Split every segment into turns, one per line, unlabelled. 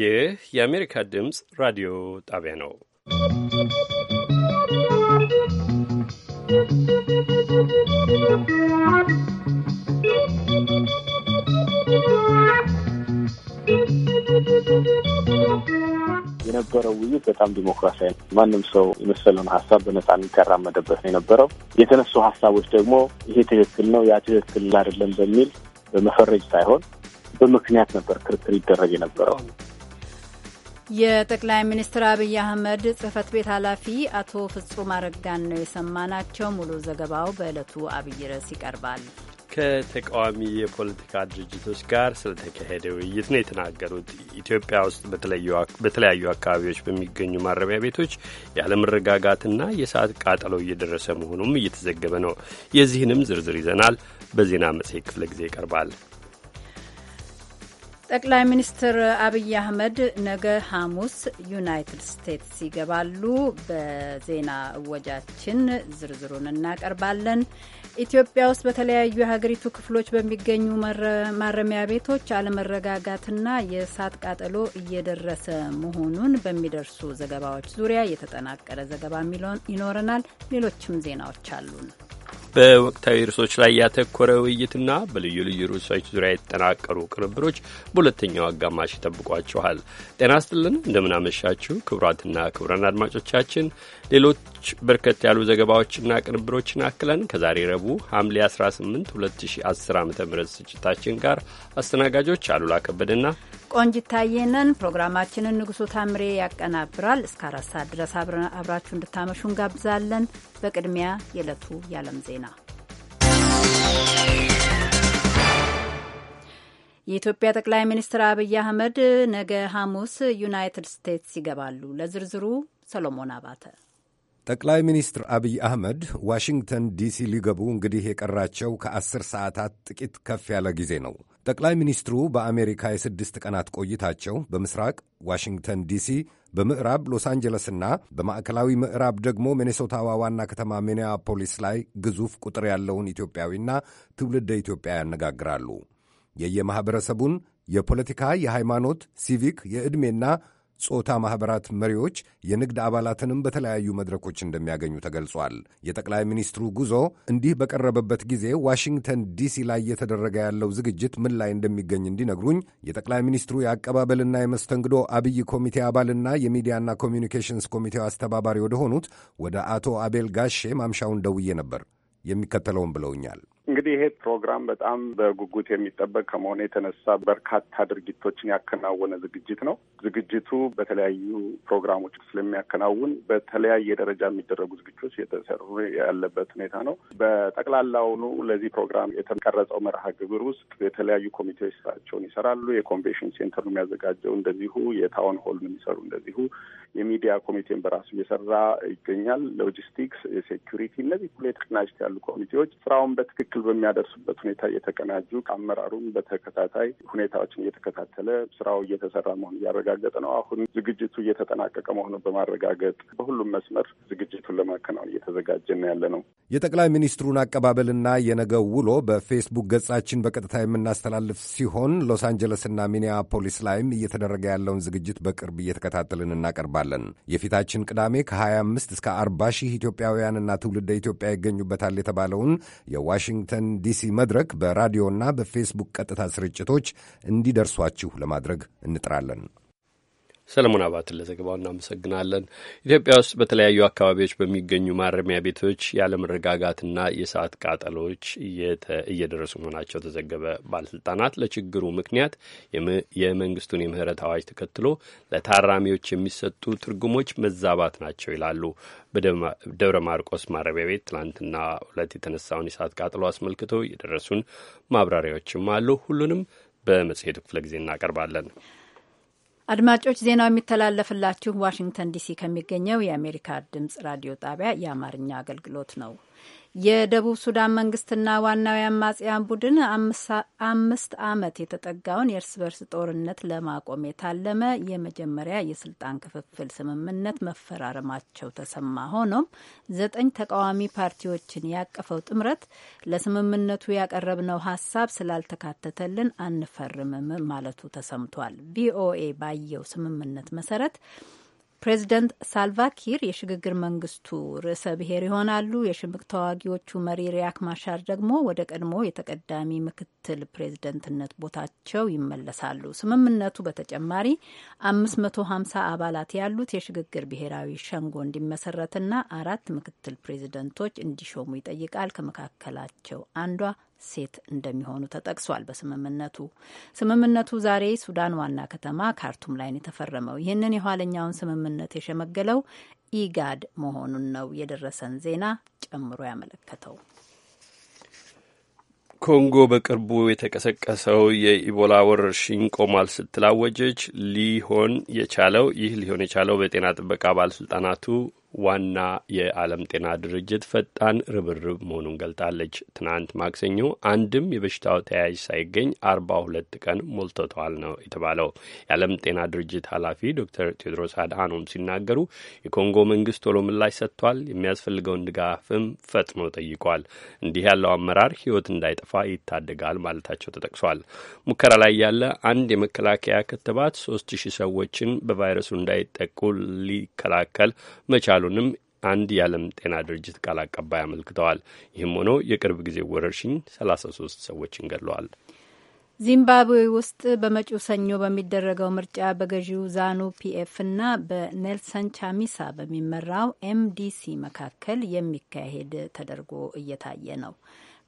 ይህ የአሜሪካ ድምፅ ራዲዮ ጣቢያ ነው።
የነበረው ውይይት በጣም ዲሞክራሲያዊ ነው። ማንም ሰው የመሰለውን ሀሳብ በነጻነት ያራመደበት ነው የነበረው። የተነሱ ሀሳቦች ደግሞ ይሄ ትክክል ነው፣ ያ ትክክል አይደለም በሚል በመፈረጅ ሳይሆን በምክንያት ነበር ክርክር ይደረግ የነበረው።
የጠቅላይ ሚኒስትር አብይ አህመድ ጽህፈት ቤት ኃላፊ አቶ ፍጹም አረጋን ነው የሰማናቸው። ሙሉ ዘገባው በዕለቱ አብይ ርዕስ ይቀርባል።
ከተቃዋሚ የፖለቲካ ድርጅቶች ጋር ስለተካሄደ ውይይት ነው የተናገሩት። ኢትዮጵያ ውስጥ በተለያዩ አካባቢዎች በሚገኙ ማረሚያ ቤቶች ያለመረጋጋትና የሰዓት ቃጠሎ እየደረሰ መሆኑም እየተዘገበ ነው። የዚህንም ዝርዝር ይዘናል። በዜና መጽሔት ክፍለ ጊዜ ይቀርባል።
ጠቅላይ ሚኒስትር አብይ አህመድ ነገ ሐሙስ ዩናይትድ ስቴትስ ይገባሉ። በዜና እወጃችን ዝርዝሩን እናቀርባለን። ኢትዮጵያ ውስጥ በተለያዩ የሀገሪቱ ክፍሎች በሚገኙ ማረሚያ ቤቶች አለመረጋጋትና የእሳት ቃጠሎ እየደረሰ መሆኑን በሚደርሱ ዘገባዎች ዙሪያ የተጠናቀረ ዘገባ ይኖረናል። ሌሎችም ዜናዎች አሉን።
በወቅታዊ ርዕሶች ላይ ያተኮረ ውይይትና በልዩ ልዩ ርዕሶች ዙሪያ የተጠናቀሩ ቅንብሮች በሁለተኛው አጋማሽ ይጠብቋችኋል። ጤና ስጥልን፣ እንደምናመሻችሁ ክቡራትና ክቡራን አድማጮቻችን ሌሎች በርከት ያሉ ዘገባዎችና ቅንብሮችን አክለን ከዛሬ ረቡዕ ሐምሌ 18 2010 ዓ ም ስርጭታችን ጋር አስተናጋጆች አሉላ ከበደና
ቆንጅ ታየነን ፕሮግራማችንን ንጉሱ ታምሬ ያቀናብራል። እስከ አራት ሰዓት ድረስ አብራችሁ እንድታመሹ እንጋብዛለን። በቅድሚያ የዕለቱ የዓለም ዜና። የኢትዮጵያ ጠቅላይ ሚኒስትር አብይ አህመድ ነገ ሐሙስ ዩናይትድ ስቴትስ ይገባሉ። ለዝርዝሩ ሰሎሞን አባተ
ጠቅላይ ሚኒስትር አብይ አህመድ ዋሽንግተን ዲሲ ሊገቡ እንግዲህ የቀራቸው ከአስር ሰዓታት ጥቂት ከፍ ያለ ጊዜ ነው። ጠቅላይ ሚኒስትሩ በአሜሪካ የስድስት ቀናት ቆይታቸው በምስራቅ ዋሽንግተን ዲሲ፣ በምዕራብ ሎስ አንጀለስና በማዕከላዊ ምዕራብ ደግሞ ሚኔሶታዋ ዋና ከተማ ሚኒያፖሊስ ላይ ግዙፍ ቁጥር ያለውን ኢትዮጵያዊና ትውልደ ኢትዮጵያ ያነጋግራሉ። የየማኅበረሰቡን የፖለቲካ፣ የሃይማኖት፣ ሲቪክ፣ የዕድሜና ጾታ ማኅበራት መሪዎች፣ የንግድ አባላትንም በተለያዩ መድረኮች እንደሚያገኙ ተገልጿል። የጠቅላይ ሚኒስትሩ ጉዞ እንዲህ በቀረበበት ጊዜ ዋሽንግተን ዲሲ ላይ እየተደረገ ያለው ዝግጅት ምን ላይ እንደሚገኝ እንዲነግሩኝ የጠቅላይ ሚኒስትሩ የአቀባበልና የመስተንግዶ አብይ ኮሚቴ አባልና የሚዲያና ኮሚኒኬሽንስ ኮሚቴው አስተባባሪ ወደሆኑት ወደ አቶ አቤል ጋሼ ማምሻውን ደውዬ ነበር። የሚከተለውን ብለውኛል።
እንግዲህ ይሄ ፕሮግራም በጣም በጉጉት የሚጠበቅ ከመሆኑ የተነሳ በርካታ ድርጊቶችን ያከናወነ ዝግጅት ነው። ዝግጅቱ በተለያዩ ፕሮግራሞች ስለሚያከናውን በተለያየ ደረጃ የሚደረጉ ዝግጅቶች የተሰሩ ያለበት ሁኔታ ነው። በጠቅላላውኑ ለዚህ ፕሮግራም የተቀረጸው መርሃ ግብር ውስጥ የተለያዩ ኮሚቴዎች ስራቸውን ይሰራሉ። የኮንቬንሽን ሴንተር የሚያዘጋጀው እንደዚሁ፣ የታውን ሆል የሚሰሩ እንደዚሁ፣ የሚዲያ ኮሚቴን በራሱ እየሰራ ይገኛል። ሎጂስቲክስ፣ የሴኪሪቲ እነዚህ ሁሉ የተቀናጅት ያሉ ኮሚቴዎች ስራውን በትክክል እክል በሚያደርሱበት ሁኔታ እየተቀናጁ አመራሩም በተከታታይ ሁኔታዎችን እየተከታተለ ስራው እየተሰራ መሆኑ እያረጋገጠ ነው። አሁን ዝግጅቱ እየተጠናቀቀ መሆኑን በማረጋገጥ በሁሉም መስመር ዝግጅቱን ለማከናወን እየተዘጋጀን ያለ ነው።
የጠቅላይ ሚኒስትሩን አቀባበልና የነገው ውሎ በፌስቡክ ገጻችን በቀጥታ የምናስተላልፍ ሲሆን ሎስ አንጀለስና ሚኒያፖሊስ ላይም እየተደረገ ያለውን ዝግጅት በቅርብ እየተከታተልን እናቀርባለን። የፊታችን ቅዳሜ ከ25 እስከ 40 ሺህ ኢትዮጵያውያንና ትውልደ ኢትዮጵያ ይገኙበታል የተባለውን የዋሽንግተን ዋሽንግተን ዲሲ መድረክ በራዲዮና በፌስቡክ ቀጥታ ስርጭቶች እንዲደርሷችሁ ለማድረግ እንጥራለን።
ሰለሞን አባትን ለዘገባው እናመሰግናለን። ኢትዮጵያ ውስጥ በተለያዩ አካባቢዎች በሚገኙ ማረሚያ ቤቶች ያለመረጋጋትና የሰዓት ቃጠሎዎች እየደረሱ መሆናቸው ተዘገበ። ባለስልጣናት ለችግሩ ምክንያት የመንግስቱን የምህረት አዋጅ ተከትሎ ለታራሚዎች የሚሰጡ ትርጉሞች መዛባት ናቸው ይላሉ። በደብረ ማርቆስ ማረሚያ ቤት ትናንትና ሁለት የተነሳውን የሰዓት ቃጠሎ አስመልክቶ የደረሱን ማብራሪያዎችም አሉ። ሁሉንም በመጽሔቱ ክፍለ ጊዜ እናቀርባለን።
አድማጮች ዜናው የሚተላለፍላችሁ ዋሽንግተን ዲሲ ከሚገኘው የአሜሪካ ድምጽ ራዲዮ ጣቢያ የአማርኛ አገልግሎት ነው። የደቡብ ሱዳን መንግስትና ዋናው የአማጽያን ቡድን አምስት ዓመት የተጠጋውን የእርስ በርስ ጦርነት ለማቆም የታለመ የመጀመሪያ የስልጣን ክፍፍል ስምምነት መፈራረማቸው ተሰማ። ሆኖም ዘጠኝ ተቃዋሚ ፓርቲዎችን ያቀፈው ጥምረት ለስምምነቱ ያቀረብነው ሀሳብ ስላልተካተተልን አንፈርምም ማለቱ ተሰምቷል። ቪኦኤ ባየው ስምምነት መሰረት ፕሬዚደንት ሳልቫኪር የሽግግር መንግስቱ ርዕሰ ብሔር ይሆናሉ። የሽምቅ ተዋጊዎቹ መሪ ሪያክ ማሻር ደግሞ ወደ ቀድሞ የተቀዳሚ ምክትል ፕሬዝደንትነት ቦታቸው ይመለሳሉ። ስምምነቱ በተጨማሪ ሀምሳ አባላት ያሉት የሽግግር ብሔራዊ ሸንጎ እንዲመሰረትና አራት ምክትል ፕሬዝደንቶች እንዲሾሙ ይጠይቃል። ከመካከላቸው አንዷ ሴት እንደሚሆኑ ተጠቅሷል። በስምምነቱ ስምምነቱ ዛሬ ሱዳን ዋና ከተማ ካርቱም ላይ ነው የተፈረመው። ይህንን የኋለኛውን ስምምነት የሸመገለው ኢጋድ መሆኑን ነው የደረሰን ዜና ጨምሮ ያመለከተው።
ኮንጎ በቅርቡ የተቀሰቀሰው የኢቦላ ወረርሽኝ ቆሟል ስትላወጀች ሊሆን የቻለው ይህ ሊሆን የቻለው በጤና ጥበቃ ባለስልጣናቱ ዋና የዓለም ጤና ድርጅት ፈጣን ርብርብ መሆኑን ገልጣለች። ትናንት ማክሰኞ አንድም የበሽታው ተያያዥ ሳይገኝ አርባ ሁለት ቀን ሞልቶተዋል ነው የተባለው። የዓለም ጤና ድርጅት ኃላፊ ዶክተር ቴድሮስ አድሃኖም ሲናገሩ የኮንጎ መንግስት ቶሎ ምላሽ ሰጥቷል፣ የሚያስፈልገውን ድጋፍም ፈጥኖ ጠይቋል። እንዲህ ያለው አመራር ህይወት እንዳይጠፋ ይታደጋል ማለታቸው ተጠቅሷል። ሙከራ ላይ ያለ አንድ የመከላከያ ክትባት ሶስት ሺህ ሰዎችን በቫይረሱ እንዳይጠቁ ሊከላከል መቻል መቻሉንም አንድ የዓለም ጤና ድርጅት ቃል አቀባይ አመልክተዋል። ይህም ሆኖ የቅርብ ጊዜ ወረርሽኝ 33 ሰዎችን ገድለዋል።
ዚምባብዌ ውስጥ በመጪው ሰኞ በሚደረገው ምርጫ በገዢው ዛኑ ፒኤፍ እና በኔልሰን ቻሚሳ በሚመራው ኤምዲሲ መካከል የሚካሄድ ተደርጎ እየታየ ነው።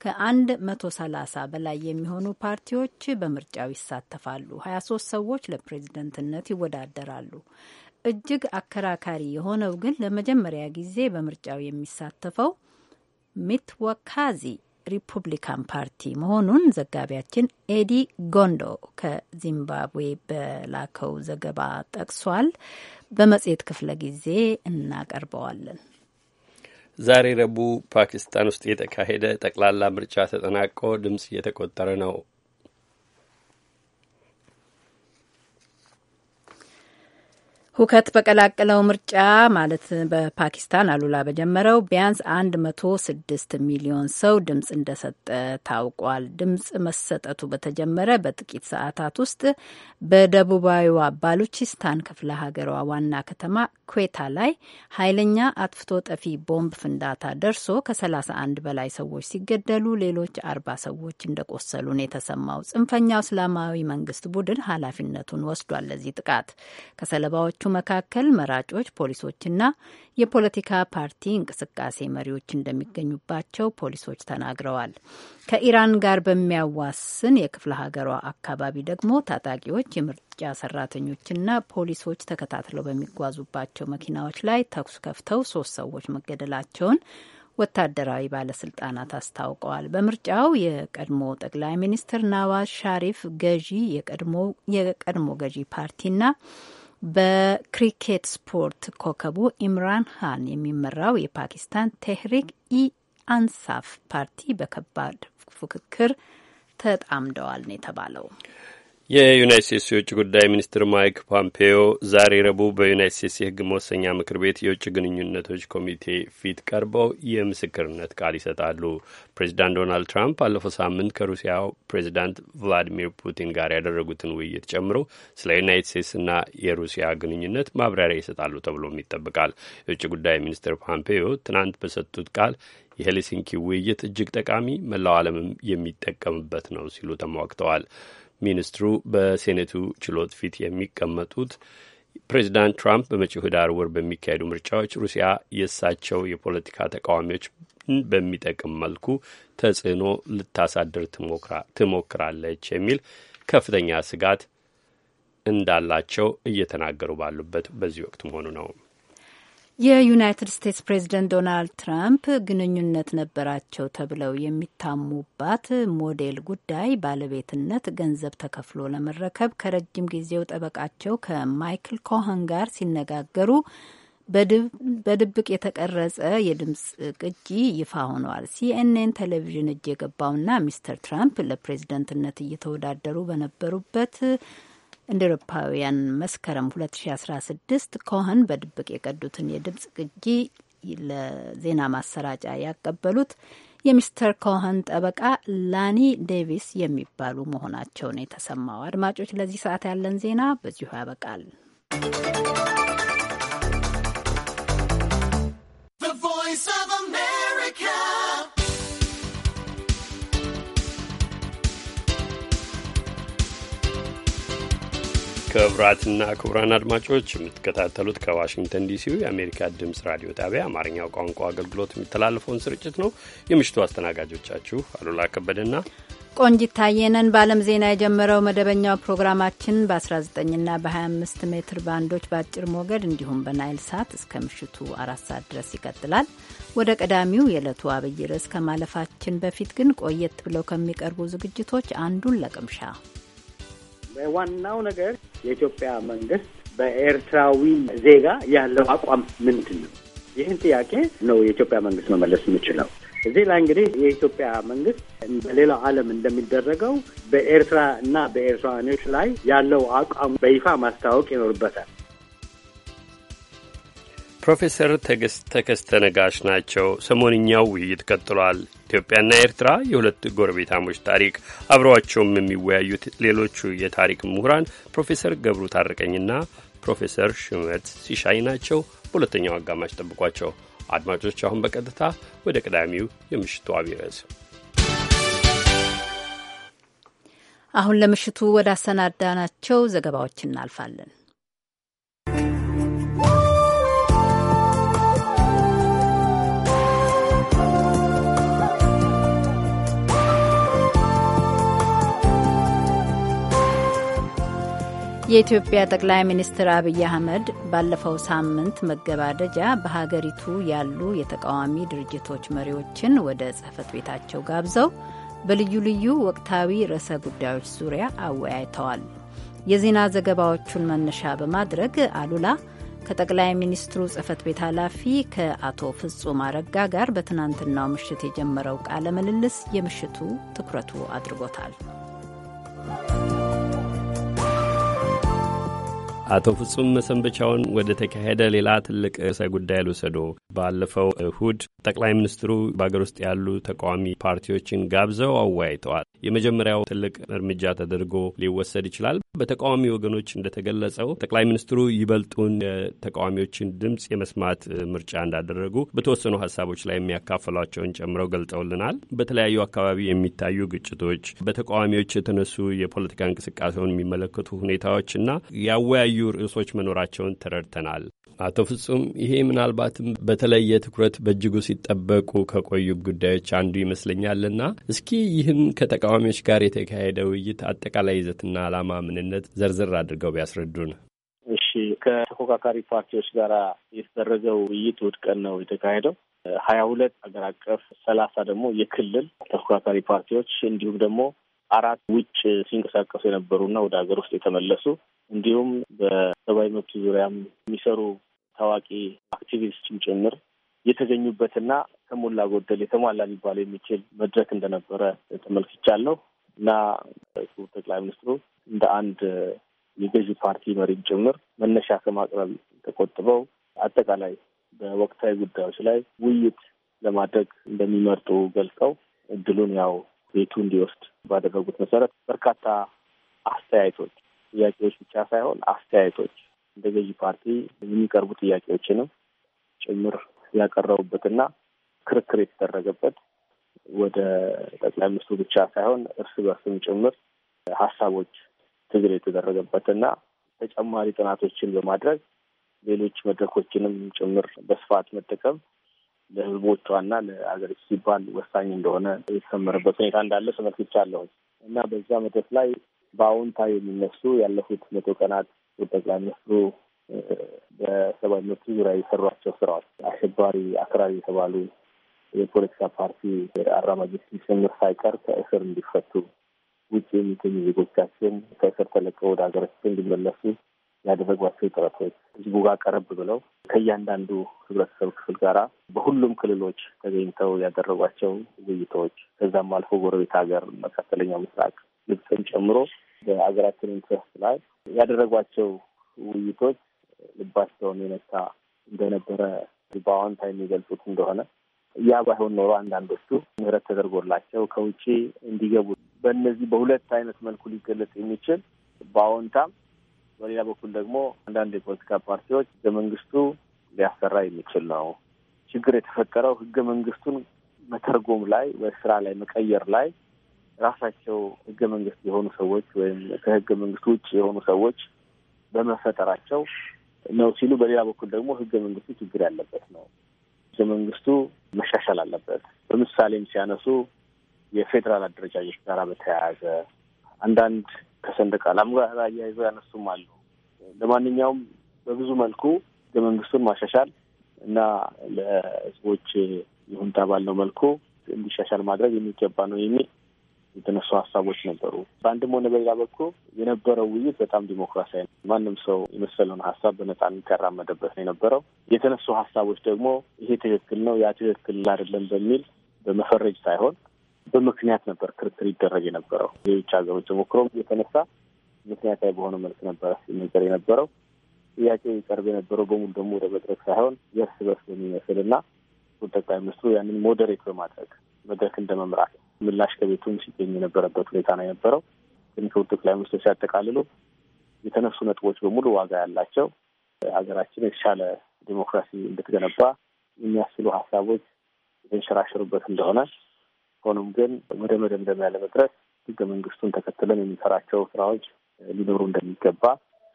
ከአንድ መቶ ሰላሳ በላይ የሚሆኑ ፓርቲዎች በምርጫው ይሳተፋሉ። 23 ሰዎች ለፕሬዝደንትነት ይወዳደራሉ። እጅግ አከራካሪ የሆነው ግን ለመጀመሪያ ጊዜ በምርጫው የሚሳተፈው ሚትወካዚ ሪፑብሊካን ፓርቲ መሆኑን ዘጋቢያችን ኤዲ ጎንዶ ከዚምባብዌ በላከው ዘገባ ጠቅሷል። በመጽሔት ክፍለ ጊዜ እናቀርበዋለን።
ዛሬ ረቡዕ ፓኪስታን ውስጥ የተካሄደ ጠቅላላ ምርጫ ተጠናቆ ድምፅ እየተቆጠረ ነው።
ሁከት በቀላቀለው ምርጫ ማለት በፓኪስታን አሉላ በጀመረው ቢያንስ 106 ሚሊዮን ሰው ድምፅ እንደሰጠ ታውቋል። ድምፅ መሰጠቱ በተጀመረ በጥቂት ሰዓታት ውስጥ በደቡባዊዋ ባሉቺስታን ክፍለ ሀገሯ ዋና ከተማ ኩዌታ ላይ ኃይለኛ አጥፍቶ ጠፊ ቦምብ ፍንዳታ ደርሶ ከ31 በላይ ሰዎች ሲገደሉ ሌሎች 40 ሰዎች እንደቆሰሉ ነው የተሰማው። ጽንፈኛው እስላማዊ መንግስት ቡድን ኃላፊነቱን ወስዷል። ለዚህ ጥቃት ከሰለባዎች ከመሪዎቹ መካከል መራጮች፣ ፖሊሶችና የፖለቲካ ፓርቲ እንቅስቃሴ መሪዎች እንደሚገኙባቸው ፖሊሶች ተናግረዋል። ከኢራን ጋር በሚያዋስን የክፍለ ሀገሯ አካባቢ ደግሞ ታጣቂዎች የምርጫ ሰራተኞችና ፖሊሶች ተከታትለው በሚጓዙባቸው መኪናዎች ላይ ተኩስ ከፍተው ሶስት ሰዎች መገደላቸውን ወታደራዊ ባለስልጣናት አስታውቀዋል። በምርጫው የቀድሞ ጠቅላይ ሚኒስትር ናዋዝ ሻሪፍ ገዢ የቀድሞ ገዢ ፓርቲና በክሪኬት ስፖርት ኮከቡ ኢምራን ሃን የሚመራው የፓኪስታን ቴህሪክ ኢአንሳፍ ፓርቲ በከባድ ፉክክር ተጣምደዋል ነው የተባለው።
የዩናይት ስቴትስ የውጭ ጉዳይ ሚኒስትር ማይክ ፖምፔዮ ዛሬ ረቡዕ በዩናይት ስቴትስ የሕግ መወሰኛ ምክር ቤት የውጭ ግንኙነቶች ኮሚቴ ፊት ቀርበው የምስክርነት ቃል ይሰጣሉ። ፕሬዚዳንት ዶናልድ ትራምፕ ባለፈው ሳምንት ከሩሲያው ፕሬዚዳንት ቭላዲሚር ፑቲን ጋር ያደረጉትን ውይይት ጨምሮ ስለ ዩናይት ስቴትስና የሩሲያ ግንኙነት ማብራሪያ ይሰጣሉ ተብሎም ይጠበቃል። የውጭ ጉዳይ ሚኒስትር ፖምፔዮ ትናንት በሰጡት ቃል የሄልሲንኪ ውይይት እጅግ ጠቃሚ፣ መላው ዓለምም የሚጠቀምበት ነው ሲሉ ተሟግተዋል። ሚኒስትሩ በሴኔቱ ችሎት ፊት የሚቀመጡት ፕሬዚዳንት ትራምፕ በመጪው ህዳር ወር በሚካሄዱ ምርጫዎች ሩሲያ የእሳቸው የፖለቲካ ተቃዋሚዎች በሚጠቅም መልኩ ተጽዕኖ ልታሳድር ትሞክራለች የሚል ከፍተኛ ስጋት እንዳላቸው እየተናገሩ ባሉበት በዚህ ወቅት መሆኑ ነው።
የዩናይትድ ስቴትስ ፕሬዝደንት ዶናልድ ትራምፕ ግንኙነት ነበራቸው ተብለው የሚታሙባት ሞዴል ጉዳይ ባለቤትነት ገንዘብ ተከፍሎ ለመረከብ ከረጅም ጊዜው ጠበቃቸው ከማይክል ኮኸን ጋር ሲነጋገሩ በድብቅ የተቀረጸ የድምፅ ቅጂ ይፋ ሆኗል። ሲኤንኤን ቴሌቪዥን እጅ የገባውና ሚስተር ትራምፕ ለፕሬዝደንትነት እየተወዳደሩ በነበሩበት እንደ ኤሮፓውያን መስከረም 2016 ኮህን በድብቅ የቀዱትን የድምፅ ቅጂ ለዜና ማሰራጫ ያቀበሉት የሚስተር ኮህን ጠበቃ ላኒ ዴቪስ የሚባሉ መሆናቸውን የተሰማው። አድማጮች፣ ለዚህ ሰዓት ያለን ዜና በዚሁ ያበቃል።
ቮይስ ኦፍ አሜሪካ
ክቡራትና ክቡራን አድማጮች የምትከታተሉት ከዋሽንግተን ዲሲው የአሜሪካ ድምፅ ራዲዮ ጣቢያ አማርኛው ቋንቋ አገልግሎት የሚተላለፈውን ስርጭት ነው። የምሽቱ አስተናጋጆቻችሁ አሉላ ከበደና
ቆንጂት ታየነን በዓለም ዜና የጀመረው መደበኛው ፕሮግራማችን በ19ና በ25 ሜትር ባንዶች በአጭር ሞገድ እንዲሁም በናይል ሳት እስከ ምሽቱ አራት ሰዓት ድረስ ይቀጥላል። ወደ ቀዳሚው የዕለቱ አብይ ርዕስ ከማለፋችን በፊት ግን ቆየት ብለው ከሚቀርቡ ዝግጅቶች አንዱን ለቅምሻ
ዋናው ነገር የኢትዮጵያ መንግስት በኤርትራዊ ዜጋ ያለው አቋም ምንድን ነው? ይህን ጥያቄ ነው የኢትዮጵያ መንግስት መመለስ የምችለው። እዚህ ላይ እንግዲህ የኢትዮጵያ መንግስት በሌላው ዓለም እንደሚደረገው በኤርትራ እና በኤርትራውያኖች ላይ ያለው አቋም በይፋ ማስታወቅ ይኖርበታል።
ፕሮፌሰር ተከስተ ነጋሽ ናቸው። ሰሞንኛው ውይይት ቀጥሏል። ኢትዮጵያና ኤርትራ የሁለት ጎረቤታሞች ታሪክ። አብረዋቸውም የሚወያዩት ሌሎቹ የታሪክ ምሁራን ፕሮፌሰር ገብሩ ታረቀኝና ፕሮፌሰር ሽመት ሲሻይ ናቸው። በሁለተኛው አጋማሽ ጠብቋቸው አድማጮች። አሁን በቀጥታ ወደ ቀዳሚው የምሽቱ አብይ ርዕስ
አሁን ለምሽቱ ወደ አሰናዳናቸው ዘገባዎች እናልፋለን። የኢትዮጵያ ጠቅላይ ሚኒስትር አብይ አህመድ ባለፈው ሳምንት መገባደጃ በሀገሪቱ ያሉ የተቃዋሚ ድርጅቶች መሪዎችን ወደ ጽህፈት ቤታቸው ጋብዘው በልዩ ልዩ ወቅታዊ ርዕሰ ጉዳዮች ዙሪያ አወያይተዋል። የዜና ዘገባዎቹን መነሻ በማድረግ አሉላ ከጠቅላይ ሚኒስትሩ ጽህፈት ቤት ኃላፊ ከአቶ ፍጹም አረጋ ጋር በትናንትናው ምሽት የጀመረው ቃለ ምልልስ የምሽቱ ትኩረቱ አድርጎታል።
አቶ ፍጹም መሰንበቻውን ወደ ተካሄደ ሌላ ትልቅ ርዕሰ ጉዳይ ልውሰዶ። ባለፈው እሁድ ጠቅላይ ሚኒስትሩ በአገር ውስጥ ያሉ ተቃዋሚ ፓርቲዎችን ጋብዘው አወያይተዋል። የመጀመሪያው ትልቅ እርምጃ ተደርጎ ሊወሰድ ይችላል። በተቃዋሚ ወገኖች እንደተገለጸው ጠቅላይ ሚኒስትሩ ይበልጡን የተቃዋሚዎችን ድምፅ የመስማት ምርጫ እንዳደረጉ በተወሰኑ ሀሳቦች ላይ የሚያካፍሏቸውን ጨምረው ገልጸውልናል። በተለያዩ አካባቢ የሚታዩ ግጭቶች፣ በተቃዋሚዎች የተነሱ የፖለቲካ እንቅስቃሴውን የሚመለከቱ ሁኔታዎች እና ያወያዩ የተለያዩ ርዕሶች መኖራቸውን ተረድተናል። አቶ ፍጹም፣ ይሄ ምናልባትም በተለየ ትኩረት በእጅጉ ሲጠበቁ ከቆዩ ጉዳዮች አንዱ ይመስለኛልና እስኪ ይህን ከተቃዋሚዎች ጋር የተካሄደ ውይይት አጠቃላይ ይዘትና ዓላማ ምንነት ዘርዘር አድርገው ቢያስረዱን።
እሺ፣ ከተፎካካሪ ፓርቲዎች ጋር የተደረገው ውይይት ውድቀን ቀን ነው የተካሄደው። ሀያ ሁለት ሀገር አቀፍ ሰላሳ ደግሞ የክልል ተፎካካሪ ፓርቲዎች እንዲሁም ደግሞ አራት ውጭ ሲንቀሳቀሱ የነበሩና ወደ ሀገር ውስጥ የተመለሱ እንዲሁም በሰብአዊ መብት ዙሪያም የሚሰሩ ታዋቂ አክቲቪስቶችም ጭምር የተገኙበትና ከሞላ ጎደል የተሟላ ሊባል የሚችል መድረክ እንደነበረ ተመልክቻለሁ እና ጠቅላይ ሚኒስትሩ እንደ አንድ የገዢ ፓርቲ መሪም ጭምር መነሻ ከማቅረብ ተቆጥበው አጠቃላይ በወቅታዊ ጉዳዮች ላይ ውይይት ለማድረግ እንደሚመርጡ ገልጸው እድሉን ያው ቤቱ እንዲወስድ ባደረጉት መሰረት በርካታ አስተያየቶች፣ ጥያቄዎች ብቻ ሳይሆን አስተያየቶች እንደ ገዢ ፓርቲ የሚቀርቡ ጥያቄዎችንም ጭምር ያቀረቡበትና ክርክር የተደረገበት ወደ ጠቅላይ ሚኒስትሩ ብቻ ሳይሆን እርስ በርስም ጭምር ሀሳቦች ትግል የተደረገበትና ተጨማሪ ጥናቶችን በማድረግ ሌሎች መድረኮችንም ጭምር በስፋት መጠቀም ለህዝቦቿና ለሀገር ሲባል ወሳኝ እንደሆነ የተሰመረበት ሁኔታ እንዳለ ተመልክቻለሁ እና በዛ መድረክ ላይ በአዎንታ የሚነሱ ያለፉት መቶ ቀናት ጠቅላይ ሚኒስትሩ በሰብአዊ መብት ዙሪያ የሰሯቸው ስራዎች አሸባሪ አክራሪ የተባሉ የፖለቲካ ፓርቲ አራማጅ ጭምር ሳይቀር ከእስር እንዲፈቱ ውጭ የሚገኙ ዜጎቻችን ከእስር ተለቀው ወደ ሀገራችን እንዲመለሱ ያደረጓቸው ጥረቶች ህዝቡ ጋር ቀረብ ብለው ከእያንዳንዱ ህብረተሰብ ክፍል ጋራ በሁሉም ክልሎች ተገኝተው ያደረጓቸው ውይይቶች ከዛም አልፎ ጎረቤት ሀገር መካከለኛው ምስራቅ ግብፅን ጨምሮ በሀገራችን ኢንትረስት ላይ ያደረጓቸው ውይይቶች ልባቸውን የነካ እንደነበረ በአዋንታ የሚገልጹት እንደሆነ ያ ባይሆን ኖሮ አንዳንዶቹ ምህረት ተደርጎላቸው ከውጭ እንዲገቡ በእነዚህ በሁለት አይነት መልኩ ሊገለጽ የሚችል በአዎንታም በሌላ በኩል ደግሞ አንዳንድ የፖለቲካ ፓርቲዎች ህገ መንግስቱ ሊያሰራ የሚችል ነው። ችግር የተፈጠረው ህገ መንግስቱን መተርጎም ላይ ወይ ስራ ላይ መቀየር ላይ ራሳቸው ህገ መንግስት የሆኑ ሰዎች ወይም ከህገ መንግስት ውጭ የሆኑ ሰዎች በመፈጠራቸው ነው ሲሉ፣ በሌላ በኩል ደግሞ ህገ መንግስቱ ችግር ያለበት ነው፣ ህገ መንግስቱ መሻሻል አለበት። በምሳሌም ሲያነሱ የፌዴራል አደረጃጀት ጋር በተያያዘ አንዳንድ ከሰንደቅ ዓላማ ጋር አያይዘው ያነሱም አሉ። ለማንኛውም በብዙ መልኩ ህገ መንግስቱን ማሻሻል እና ለህዝቦች ይሁንታ ባለው መልኩ እንዲሻሻል ማድረግ የሚገባ ነው የሚል የተነሱ ሀሳቦች ነበሩ። በአንድም ሆነ በሌላ በኩል የነበረው ውይይት በጣም ዲሞክራሲያዊ ነው። ማንም ሰው የመሰለውን ሀሳብ በነጻ የሚከራመደበት ነው የነበረው። የተነሱ ሀሳቦች ደግሞ ይሄ ትክክል ነው፣ ያ ትክክል አይደለም በሚል በመፈረጅ ሳይሆን በምክንያት ነበር ክርክር ይደረግ የነበረው። የውጭ ሀገሮች ተሞክሮም እየተነሳ ምክንያታዊ በሆነ መልክ ነበረ ሲነገር የነበረው። ጥያቄ ይቀርብ የነበረው በሙሉ ደግሞ ወደ መድረክ ሳይሆን የእርስ በርስ በሚመስል እና ጠቅላይ ሚኒስትሩ ያንን ሞዴሬት በማድረግ መድረክ እንደ መምራት ምላሽ ከቤቱም ሲገኝ የነበረበት ሁኔታ ነው የነበረው። ግን ክቡር ጠቅላይ ሚኒስትሩ ሲያጠቃልሉ የተነሱ ነጥቦች በሙሉ ዋጋ ያላቸው ሀገራችን የተሻለ ዲሞክራሲ እንድትገነባ የሚያስችሉ ሀሳቦች የተንሸራሸሩበት እንደሆነ ሆኖም ግን ወደ መደምደሚያ ለመድረስ ህገ መንግስቱን ተከትለን የሚሰራቸው ስራዎች ሊኖሩ እንደሚገባ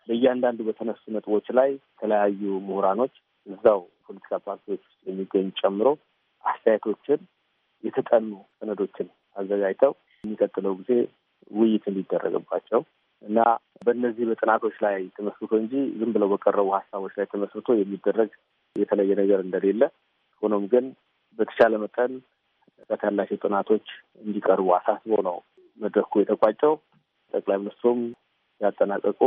በእያንዳንዱ በተነሱ ነጥቦች ላይ የተለያዩ ምሁራኖች እዛው ፖለቲካ ፓርቲዎች ውስጥ የሚገኝ ጨምሮ አስተያየቶችን የተጠኑ ሰነዶችን አዘጋጅተው የሚቀጥለው ጊዜ ውይይት እንዲደረግባቸው እና በእነዚህ በጥናቶች ላይ ተመስርቶ እንጂ ዝም ብለው በቀረቡ ሀሳቦች ላይ ተመስርቶ የሚደረግ የተለየ ነገር እንደሌለ፣ ሆኖም ግን በተቻለ መጠን ጥልቀት ያላቸው ጥናቶች እንዲቀርቡ አሳስቦ ነው መድረኩ የተቋጨው። ጠቅላይ ሚኒስትሩም ያጠናቀቁ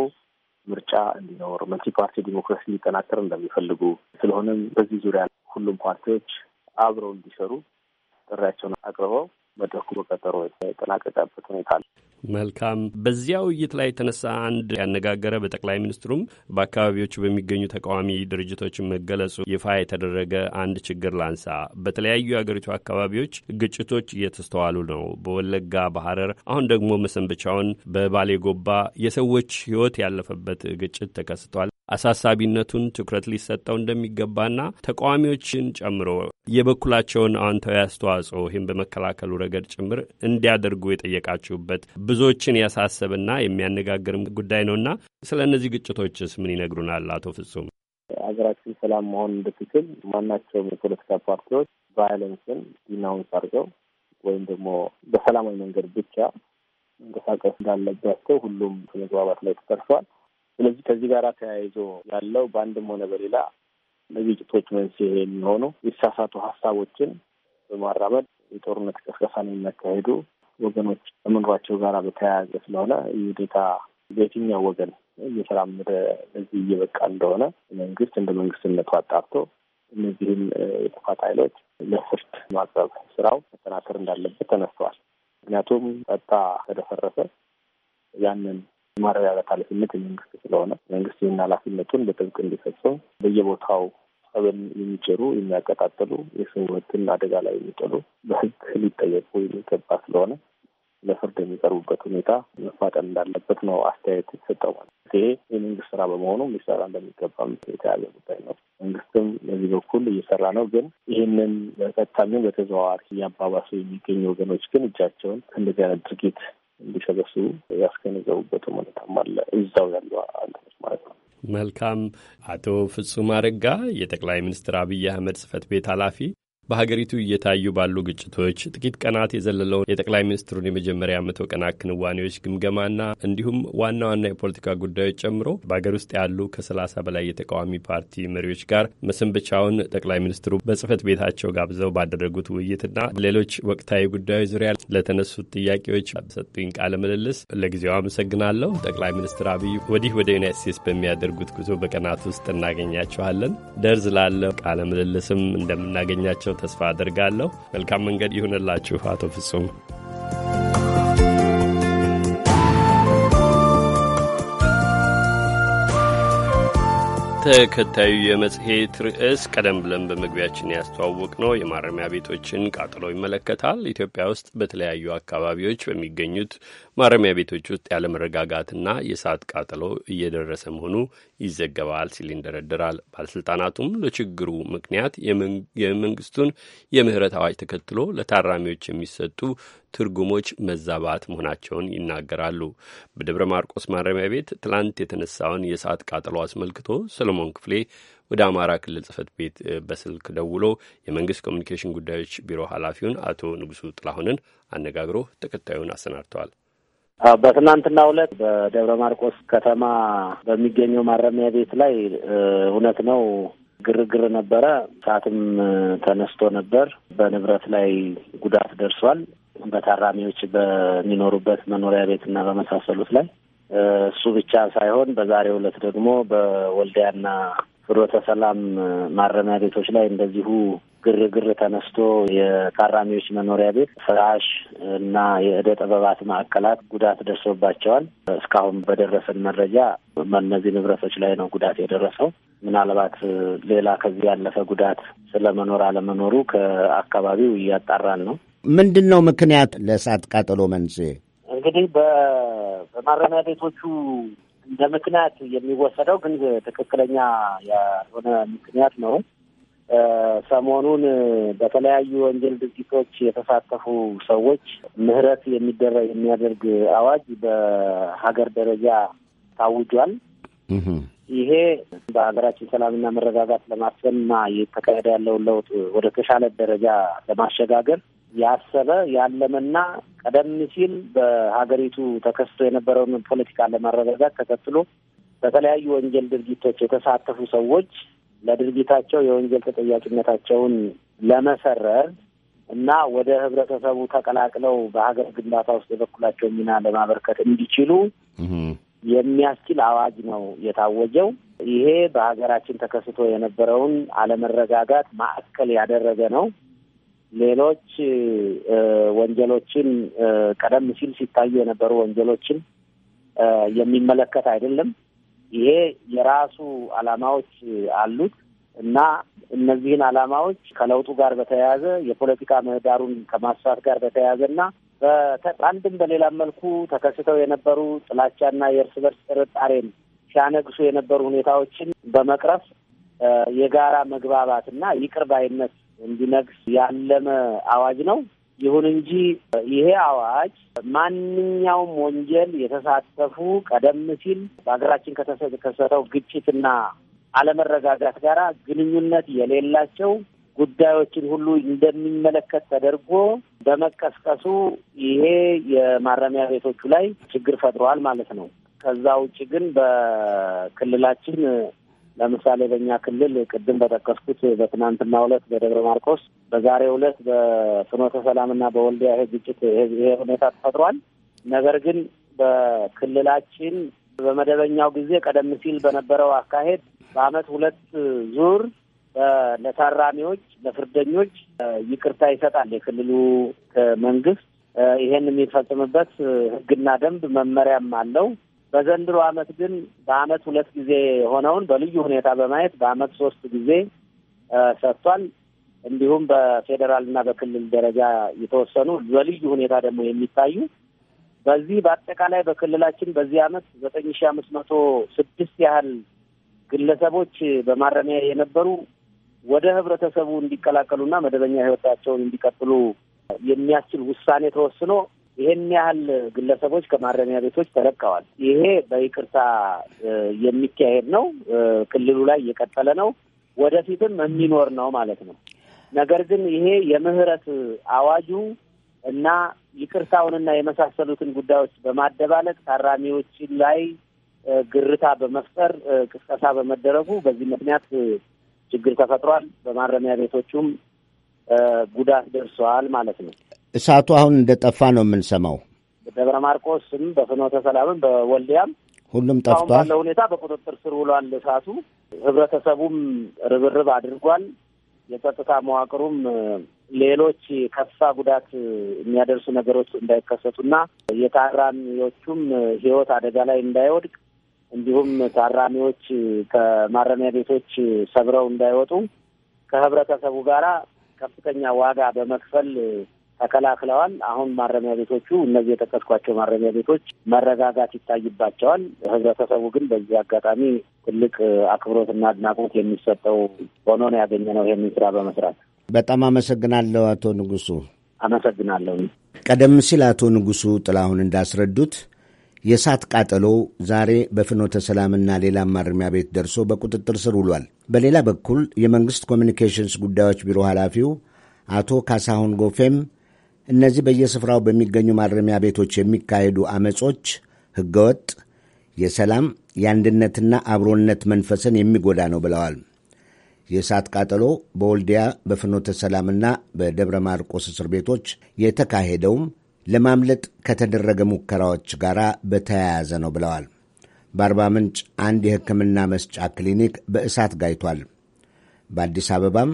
ምርጫ እንዲኖር መልቲ ፓርቲ ዲሞክራሲ እንዲጠናከር እንደሚፈልጉ
ስለሆነም በዚህ ዙሪያ ሁሉም ፓርቲዎች
አብረው እንዲሰሩ ጥሪያቸውን አቅርበው መድረኩ በቀጠሮ የተጠናቀቀበት ሁኔታ አለ።
መልካም። በዚያ ውይይት ላይ የተነሳ አንድ ያነጋገረ በጠቅላይ ሚኒስትሩም በአካባቢዎቹ በሚገኙ ተቃዋሚ ድርጅቶች መገለጹ ይፋ የተደረገ አንድ ችግር ላንሳ። በተለያዩ የአገሪቱ አካባቢዎች ግጭቶች እየተስተዋሉ ነው። በወለጋ፣ በሐረር አሁን ደግሞ መሰንበቻውን በባሌ ጎባ የሰዎች ሕይወት ያለፈበት ግጭት ተከስቷል። አሳሳቢነቱን ትኩረት ሊሰጠው እንደሚገባና ተቃዋሚዎችን ጨምሮ የበኩላቸውን አዎንታዊ አስተዋጽኦ ይህም በመከላከሉ ረገድ ጭምር እንዲያደርጉ የጠየቃችሁበት ብዙዎችን ያሳሰብና የሚያነጋግርም ጉዳይ ነውና ስለ እነዚህ ግጭቶችስ ምን ይነግሩናል? አቶ ፍጹም።
ሀገራችን ሰላም መሆን እንድትችል ማናቸውም የፖለቲካ ፓርቲዎች ቫይለንስን ዲናውንስ አድርገው ወይም ደግሞ በሰላማዊ መንገድ ብቻ መንቀሳቀስ እንዳለባቸው ሁሉም መግባባት ላይ ተጠርሷል። ስለዚህ ከዚህ ጋር ተያይዞ ያለው በአንድም ሆነ በሌላ ለግጭቶች መንስኤ የሚሆኑ የተሳሳቱ ሀሳቦችን በማራመድ የጦርነት ቀስቀሳን የሚያካሄዱ ወገኖች ከመኖራቸው ጋር በተያያዘ ስለሆነ የሁኔታ በየትኛው ወገን እየተራመደ እዚህ እየበቃ እንደሆነ መንግስት እንደ መንግስትነቱ አጣርቶ እነዚህም የጥፋት ኃይሎች ለፍርድ ማቅረብ ስራው መጠናከር እንዳለበት ተነስተዋል። ምክንያቱም ጸጥታ ከደፈረሰ ያንን የማረጋጋት ኃላፊነት የመንግስት ስለሆነ መንግስት ይህን ኃላፊነቱን በጥብቅ እንዲፈጽም በየቦታው ሰብን የሚጭሩ የሚያቀጣጥሉ፣ የሰው አደጋ ላይ የሚጥሉ በህግ ሊጠየቁ የሚገባ ስለሆነ ለፍርድ የሚቀርቡበት ሁኔታ መፋጠን እንዳለበት ነው አስተያየት የተሰጠው። ማለት ይሄ የመንግስት ስራ በመሆኑ ሊሰራ እንደሚገባም የተያዘ ጉዳይ ነው። መንግስትም በዚህ በኩል እየሰራ ነው። ግን ይህንን በቀጥታም በተዘዋዋሪ እያባባሱ የሚገኙ ወገኖች ግን እጃቸውን ከእንደዚህ አይነት ድርጊት እንዲሰበስቡ ያስገነዘቡበት ሁኔታም አለ። እዛው ያሉ አገሮች
ማለት ነው። መልካም። አቶ ፍጹም አረጋ የጠቅላይ ሚኒስትር አብይ አህመድ ጽህፈት ቤት ኃላፊ በሀገሪቱ እየታዩ ባሉ ግጭቶች ጥቂት ቀናት የዘለለውን የጠቅላይ ሚኒስትሩን የመጀመሪያ መቶ ቀናት ክንዋኔዎች ግምገማና እንዲሁም ዋና ዋና የፖለቲካ ጉዳዮች ጨምሮ በሀገር ውስጥ ያሉ ከሰላሳ በላይ የተቃዋሚ ፓርቲ መሪዎች ጋር መሰንበቻውን ጠቅላይ ሚኒስትሩ በጽህፈት ቤታቸው ጋብዘው ባደረጉት ውይይትና ሌሎች ወቅታዊ ጉዳዮች ዙሪያ ለተነሱት ጥያቄዎች በሰጡኝ ቃለ ምልልስ ለጊዜው አመሰግናለሁ። ጠቅላይ ሚኒስትር አብይ ወዲህ ወደ ዩናይት ስቴትስ በሚያደርጉት ጉዞ በቀናት ውስጥ እናገኛችኋለን። ደርዝ ላለው ቃለ ምልልስም እንደምናገኛቸው ተስፋ አድርጋለሁ። መልካም መንገድ ይሁንላችሁ አቶ ፍጹም። ተከታዩ የመጽሔት ርዕስ ቀደም ብለን በመግቢያችን ያስተዋወቅ ነው የማረሚያ ቤቶችን ቃጠሎ ይመለከታል። ኢትዮጵያ ውስጥ በተለያዩ አካባቢዎች በሚገኙት ማረሚያ ቤቶች ውስጥ ያለመረጋጋትና የእሳት ቃጠሎ እየደረሰ መሆኑ ይዘገባል ሲል ይንደረድራል። ባለሥልጣናቱም ለችግሩ ምክንያት የመንግስቱን የምህረት አዋጅ ተከትሎ ለታራሚዎች የሚሰጡ ትርጉሞች መዛባት መሆናቸውን ይናገራሉ። በደብረ ማርቆስ ማረሚያ ቤት ትላንት የተነሳውን የእሳት ቃጠሎ አስመልክቶ ሰለሞን ክፍሌ ወደ አማራ ክልል ጽህፈት ቤት በስልክ ደውሎ የመንግስት ኮሚኒኬሽን ጉዳዮች ቢሮ ኃላፊውን አቶ ንጉሱ ጥላሁንን አነጋግሮ ተከታዩን አሰናድተዋል።
በትናንትና ዕለት በደብረ ማርቆስ ከተማ በሚገኘው ማረሚያ ቤት ላይ እውነት ነው ግርግር ነበረ። ሰዓትም ተነስቶ ነበር። በንብረት ላይ ጉዳት ደርሷል። በታራሚዎች በሚኖሩበት መኖሪያ ቤትና በመሳሰሉት ላይ እሱ ብቻ ሳይሆን በዛሬው ዕለት ደግሞ በወልዲያና ፍኖተ ሰላም ማረሚያ ቤቶች ላይ እንደዚሁ ግርግር ተነስቶ የታራሚዎች መኖሪያ ቤት፣ ፍራሽ እና የእደ ጥበባት ማዕከላት ጉዳት ደርሶባቸዋል። እስካሁን በደረሰን መረጃ በእነዚህ ንብረቶች ላይ ነው ጉዳት የደረሰው። ምናልባት ሌላ ከዚህ ያለፈ ጉዳት ስለመኖር አለመኖሩ ከአካባቢው እያጣራን ነው።
ምንድን ነው ምክንያት ለእሳት ቃጠሎ መንስኤ?
እንግዲህ በማረሚያ ቤቶቹ እንደ ምክንያት የሚወሰደው ግን ትክክለኛ የሆነ ምክንያት ነው ሰሞኑን በተለያዩ ወንጀል ድርጊቶች የተሳተፉ ሰዎች ምህረት የሚደረግ የሚያደርግ አዋጅ በሀገር ደረጃ ታውጇል። ይሄ በሀገራችን ሰላምና መረጋጋት ለማስፈንና የተካሄደ ያለውን ለውጥ ወደ ተሻለ ደረጃ ለማሸጋገር ያሰበ ያለመና ቀደም ሲል በሀገሪቱ ተከስቶ የነበረውን ፖለቲካ ለማረጋጋት ተከትሎ በተለያዩ ወንጀል ድርጊቶች የተሳተፉ ሰዎች ለድርጊታቸው የወንጀል ተጠያቂነታቸውን ለመሰረር እና ወደ ህብረተሰቡ ተቀላቅለው በሀገር ግንባታ ውስጥ የበኩላቸው ሚና ለማበርከት እንዲችሉ የሚያስችል አዋጅ ነው የታወጀው። ይሄ በሀገራችን ተከስቶ የነበረውን አለመረጋጋት ማዕከል ያደረገ ነው። ሌሎች ወንጀሎችን ቀደም ሲል ሲታዩ የነበሩ ወንጀሎችን የሚመለከት አይደለም። ይሄ የራሱ አላማዎች አሉት እና እነዚህን አላማዎች ከለውጡ ጋር በተያያዘ የፖለቲካ ምህዳሩን ከማስፋት ጋር በተያያዘ እና በአንድም በሌላም መልኩ ተከስተው የነበሩ ጥላቻና የእርስ በርስ ጥርጣሬን ሲያነግሱ የነበሩ ሁኔታዎችን በመቅረፍ የጋራ መግባባት እና ይቅር ባይነት እንዲነግስ ያለመ አዋጅ ነው። ይሁን እንጂ ይሄ አዋጅ ማንኛውም ወንጀል የተሳተፉ ቀደም ሲል በሀገራችን ከተከሰተው ግጭትና አለመረጋጋት ጋር ግንኙነት የሌላቸው ጉዳዮችን ሁሉ እንደሚመለከት ተደርጎ በመቀስቀሱ ይሄ የማረሚያ ቤቶቹ ላይ ችግር ፈጥሯል ማለት ነው። ከዛ ውጭ ግን በክልላችን ለምሳሌ በእኛ ክልል ቅድም በጠቀስኩት በትናንትና ሁለት በደብረ ማርቆስ፣ በዛሬ ሁለት በፍኖተ ሰላምና በወልዲያ ይሄ ግጭት ይሄ ሁኔታ ተፈጥሯል። ነገር ግን በክልላችን በመደበኛው ጊዜ ቀደም ሲል በነበረው አካሄድ በአመት ሁለት ዙር ለታራሚዎች ለፍርደኞች ይቅርታ ይሰጣል የክልሉ መንግስት። ይሄን የሚፈጽምበት ህግና ደንብ መመሪያም አለው። በዘንድሮ አመት ግን በአመት ሁለት ጊዜ የሆነውን በልዩ ሁኔታ በማየት በአመት ሶስት ጊዜ ሰጥቷል። እንዲሁም በፌዴራል እና በክልል ደረጃ የተወሰኑ በልዩ ሁኔታ ደግሞ የሚታዩ በዚህ በአጠቃላይ በክልላችን በዚህ አመት ዘጠኝ ሺ አምስት መቶ ስድስት ያህል ግለሰቦች በማረሚያ የነበሩ ወደ ህብረተሰቡ እንዲቀላቀሉና መደበኛ ህይወታቸውን እንዲቀጥሉ የሚያስችል ውሳኔ ተወስኖ ይሄን ያህል ግለሰቦች ከማረሚያ ቤቶች ተለቀዋል። ይሄ በይቅርታ የሚካሄድ ነው። ክልሉ ላይ እየቀጠለ ነው። ወደፊትም የሚኖር ነው ማለት ነው። ነገር ግን ይሄ የምህረት አዋጁ እና ይቅርታውንና የመሳሰሉትን ጉዳዮች በማደባለቅ ታራሚዎችን ላይ ግርታ በመፍጠር ቅስቀሳ በመደረጉ በዚህ ምክንያት ችግር ተፈጥሯል። በማረሚያ ቤቶቹም ጉዳት ደርሰዋል ማለት ነው።
እሳቱ አሁን እንደጠፋ ነው የምንሰማው።
በደብረ ማርቆስም፣ በፍኖተ ሰላምም፣ በወልዲያም
ሁሉም ጠፍቷል። ባለው
ሁኔታ በቁጥጥር ስር ውሏል እሳቱ። ህብረተሰቡም ርብርብ አድርጓል። የጸጥታ መዋቅሩም ሌሎች ከፋ ጉዳት የሚያደርሱ ነገሮች እንዳይከሰቱና የታራሚዎቹም ህይወት አደጋ ላይ እንዳይወድቅ እንዲሁም ታራሚዎች ከማረሚያ ቤቶች ሰብረው እንዳይወጡ ከህብረተሰቡ ጋራ ከፍተኛ ዋጋ በመክፈል ተከላክለዋል። አሁን ማረሚያ ቤቶቹ እነዚህ የጠቀስኳቸው ማረሚያ ቤቶች መረጋጋት ይታይባቸዋል። ህብረተሰቡ ግን በዚህ አጋጣሚ ትልቅ አክብሮትና አድናቆት የሚሰጠው ሆኖ ነው ያገኘነው ይህንን ስራ በመስራት።
በጣም አመሰግናለሁ አቶ ንጉሱ።
አመሰግናለሁ።
ቀደም ሲል አቶ ንጉሱ ጥላሁን እንዳስረዱት የእሳት ቃጠሎ ዛሬ በፍኖተ ሰላምና ሌላ ማረሚያ ቤት ደርሶ በቁጥጥር ስር ውሏል። በሌላ በኩል የመንግሥት ኮሚኒኬሽንስ ጉዳዮች ቢሮ ኃላፊው አቶ ካሳሁን ጎፌም እነዚህ በየስፍራው በሚገኙ ማረሚያ ቤቶች የሚካሄዱ አመጾች ሕገወጥ፣ የሰላም የአንድነትና አብሮነት መንፈስን የሚጎዳ ነው ብለዋል። የእሳት ቃጠሎ በወልዲያ በፍኖተ ሰላምና በደብረ ማርቆስ እስር ቤቶች የተካሄደውም ለማምለጥ ከተደረገ ሙከራዎች ጋር በተያያዘ ነው ብለዋል። በአርባ ምንጭ አንድ የሕክምና መስጫ ክሊኒክ በእሳት ጋይቷል። በአዲስ አበባም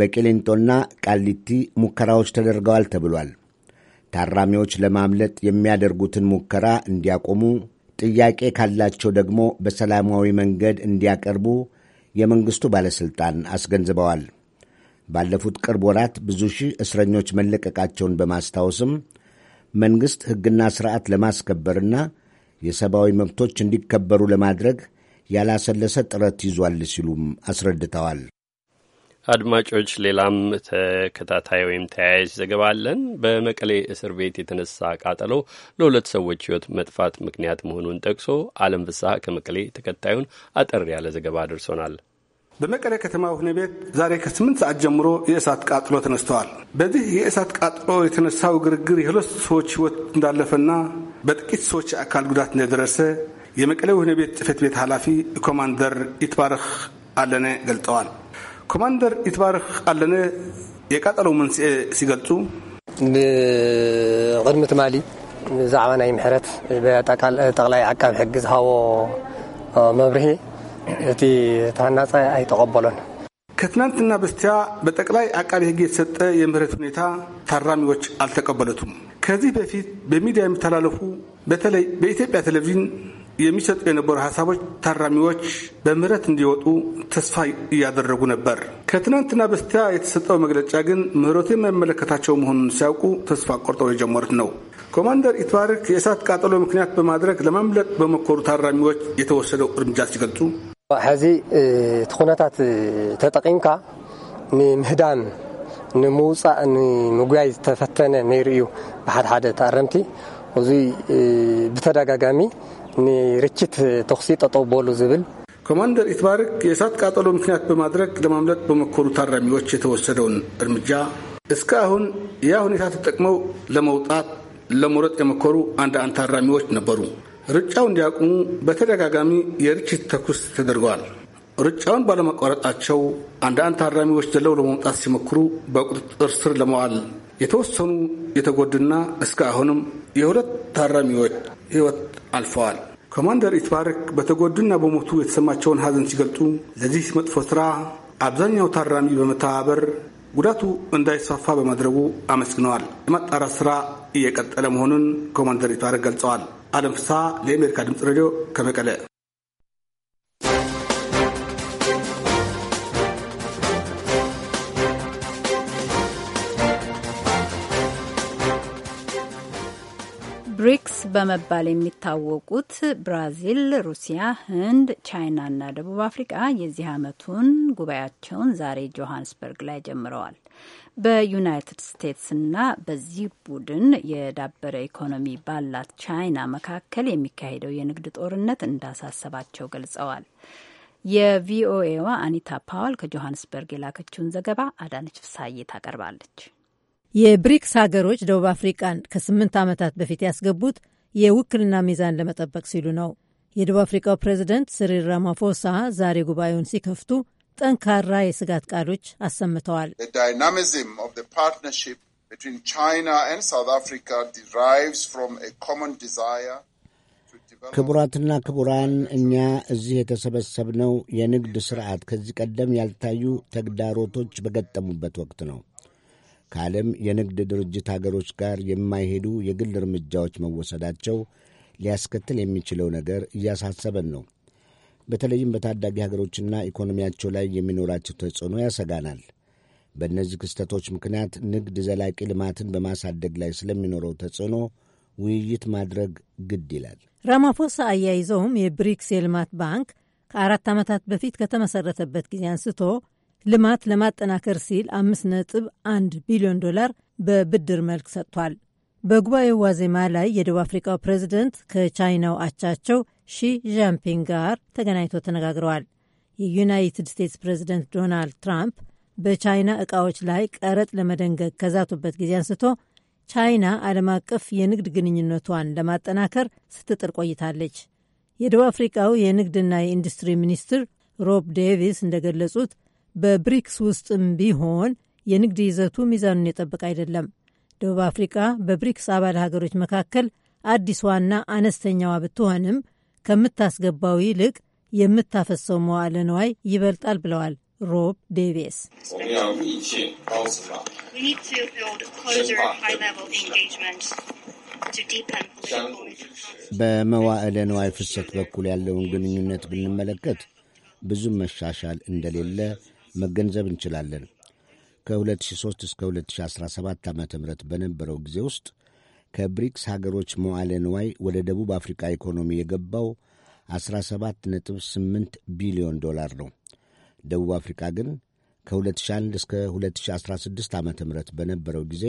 በቂሊንጦና ቃሊቲ ሙከራዎች ተደርገዋል ተብሏል። ታራሚዎች ለማምለጥ የሚያደርጉትን ሙከራ እንዲያቆሙ፣ ጥያቄ ካላቸው ደግሞ በሰላማዊ መንገድ እንዲያቀርቡ የመንግሥቱ ባለሥልጣን አስገንዝበዋል። ባለፉት ቅርብ ወራት ብዙ ሺህ እስረኞች መለቀቃቸውን በማስታወስም መንግሥት ሕግና ሥርዓት ለማስከበርና የሰብአዊ መብቶች እንዲከበሩ ለማድረግ ያላሰለሰ ጥረት ይዟል ሲሉም አስረድተዋል።
አድማጮች ሌላም ተከታታይ ወይም ተያያዥ ዘገባ አለን። በመቀሌ እስር ቤት የተነሳ ቃጠሎ ለሁለት ሰዎች ሕይወት መጥፋት ምክንያት መሆኑን ጠቅሶ አለም ፍስሐ ከመቀሌ ተከታዩን አጠር ያለ ዘገባ ደርሶናል። በመቀሌ ከተማ ወህኒ
ቤት ዛሬ ከስምንት ሰዓት ጀምሮ የእሳት ቃጥሎ ተነስተዋል። በዚህ የእሳት ቃጥሎ የተነሳው ግርግር የሁለት ሰዎች ሕይወት እንዳለፈና በጥቂት ሰዎች አካል ጉዳት እንደደረሰ የመቀሌ ወህኒ ቤት ጽሕፈት ቤት ኃላፊ ኮማንደር ይትባረክ አለነ ገልጠዋል። ኮማንደር ይትባርክ ቃለነ የቃጠለው መንስኤ ሲገልጹ
ብቅድሚ ትማሊ ብዛዕባ ናይ ምሕረት ጠቅላይ ዓቃብ ሕጊ ዝሃቦ መብርሂ እቲ ተሃናፀ ኣይተቐበሎን።
ከትናንትና በስቲያ በጠቅላይ አቃቢ ህግ የተሰጠ የምህረት ሁኔታ ታራሚዎች አልተቀበለቱም። ከዚህ በፊት በሚዲያ የሚተላለፉ በተለይ በኢትዮጵያ ቴሌቪዥን የሚሰጡ የነበሩ ሀሳቦች ታራሚዎች በምህረት እንዲወጡ ተስፋ እያደረጉ ነበር። ከትናንትና በስቲያ የተሰጠው መግለጫ ግን ምህረቱ የማይመለከታቸው መሆኑን ሲያውቁ ተስፋ ቆርጠው የጀመሩት ነው። ኮማንደር ኢትባርክ የእሳት ቃጠሎ ምክንያት በማድረግ ለማምለጥ በመኮሩ ታራሚዎች የተወሰደው እርምጃ ሲገልጹ
ሕዚ እቲ ኩነታት ተጠቂምካ ንምህዳም ንምውፃእ ንምጉያይ ዝተፈተነ ነይሩ እዩ ብሓደ ሓደ ተኣረምቲ እዙይ ብተደጋጋሚ ንርችት
ተኩሲ ጠጠው በሉ ዝብል ኮማንደር ኢትባርክ የእሳት ቃጠሎ ምክንያት በማድረግ ለማምለጥ በመኮሩ ታራሚዎች የተወሰደውን እርምጃ እስከ አሁን ያ ሁኔታ ተጠቅመው ለመውጣት ለመውረጥ የመኮሩ አንድ አንድ ታራሚዎች ነበሩ። ሩጫው እንዲያቁሙ በተደጋጋሚ የርችት ተኩስ ተደርገዋል። ሩጫውን ባለማቋረጣቸው አንዳንድ ታራሚዎች ዘለው ለመውጣት ሲሞክሩ በቁጥጥር ስር ለመዋል የተወሰኑ የተጎዱና እስከ አሁንም የሁለት ታራሚዎች ሕይወት አልፈዋል። ኮማንደር ኢትባረክ በተጎዱና በሞቱ የተሰማቸውን ሀዘን ሲገልጹ ለዚህ መጥፎ ስራ አብዛኛው ታራሚ በመተባበር ጉዳቱ እንዳይስፋፋ በማድረጉ አመስግነዋል። የማጣራት ስራ እየቀጠለ መሆኑን ኮማንደር ኢትባረክ ገልጸዋል። አለም ፍስሐ ለአሜሪካ ድምፅ ሬዲዮ ከመቀለ
ብሪክስ በመባል የሚታወቁት ብራዚል፣ ሩሲያ፣ ህንድ፣ ቻይና እና ደቡብ አፍሪቃ የዚህ ዓመቱን ጉባኤያቸውን ዛሬ ጆሃንስበርግ ላይ ጀምረዋል። በዩናይትድ ስቴትስና በዚህ ቡድን የዳበረ ኢኮኖሚ ባላት ቻይና መካከል የሚካሄደው የንግድ ጦርነት እንዳሳሰባቸው ገልጸዋል። የቪኦኤዋ አኒታ ፓዋል ከጆሃንስበርግ የላከችውን ዘገባ አዳነች ፍሳዬ ታቀርባለች።
የብሪክስ ሀገሮች ደቡብ አፍሪቃን ከስምንት ዓመታት በፊት ያስገቡት የውክልና ሚዛን ለመጠበቅ ሲሉ ነው። የደቡብ አፍሪካው ፕሬዚደንት ስሪል ራማፎሳ ዛሬ ጉባኤውን ሲከፍቱ ጠንካራ የስጋት ቃሎች አሰምተዋል። ክቡራትና
ክቡራን፣ እኛ እዚህ የተሰበሰብነው የንግድ ስርዓት ከዚህ ቀደም ያልታዩ ተግዳሮቶች በገጠሙበት ወቅት ነው። ከዓለም የንግድ ድርጅት ሀገሮች ጋር የማይሄዱ የግል እርምጃዎች መወሰዳቸው ሊያስከትል የሚችለው ነገር እያሳሰበን ነው። በተለይም በታዳጊ ሀገሮችና ኢኮኖሚያቸው ላይ የሚኖራቸው ተጽዕኖ ያሰጋናል። በእነዚህ ክስተቶች ምክንያት ንግድ ዘላቂ ልማትን በማሳደግ ላይ ስለሚኖረው ተጽዕኖ ውይይት ማድረግ ግድ ይላል።
ራማፎሳ አያይዘውም የብሪክስ የልማት ባንክ ከአራት ዓመታት በፊት ከተመሠረተበት ጊዜ አንስቶ ልማት ለማጠናከር ሲል አንድ ቢሊዮን ዶላር በብድር መልክ ሰጥቷል። በጉባኤው ዋዜማ ላይ የደቡብ አፍሪካው ፕሬዚደንት ከቻይናው አቻቸው ሺ ዣምፒንግ ጋር ተገናኝቶ ተነጋግረዋል። የዩናይትድ ስቴትስ ፕሬዚደንት ዶናልድ ትራምፕ በቻይና ዕቃዎች ላይ ቀረጥ ለመደንገግ ከዛቱበት ጊዜ አንስቶ ቻይና ዓለም አቀፍ የንግድ ግንኙነቷን ለማጠናከር ስትጥር ቆይታለች። የደቡብ አፍሪካው የንግድና የኢንዱስትሪ ሚኒስትር ሮብ ዴቪስ እንደገለጹት በብሪክስ ውስጥም ቢሆን የንግድ ይዘቱ ሚዛኑን የጠበቀ አይደለም። ደቡብ አፍሪቃ በብሪክስ አባል ሀገሮች መካከል አዲስዋና አነስተኛዋ ብትሆንም ከምታስገባው ይልቅ የምታፈሰው መዋለ ንዋይ ይበልጣል ብለዋል ሮብ ዴቪስ።
በመዋዕለ ንዋይ ፍሰት በኩል ያለውን ግንኙነት ብንመለከት ብዙም መሻሻል እንደሌለ መገንዘብ እንችላለን። ከ2003 እስከ 2017 ዓ ም በነበረው ጊዜ ውስጥ ከብሪክስ ሀገሮች መዋለ ንዋይ ወደ ደቡብ አፍሪካ ኢኮኖሚ የገባው 17.8 ቢሊዮን ዶላር ነው። ደቡብ አፍሪካ ግን ከ2001 እስከ 2016 ዓ ም በነበረው ጊዜ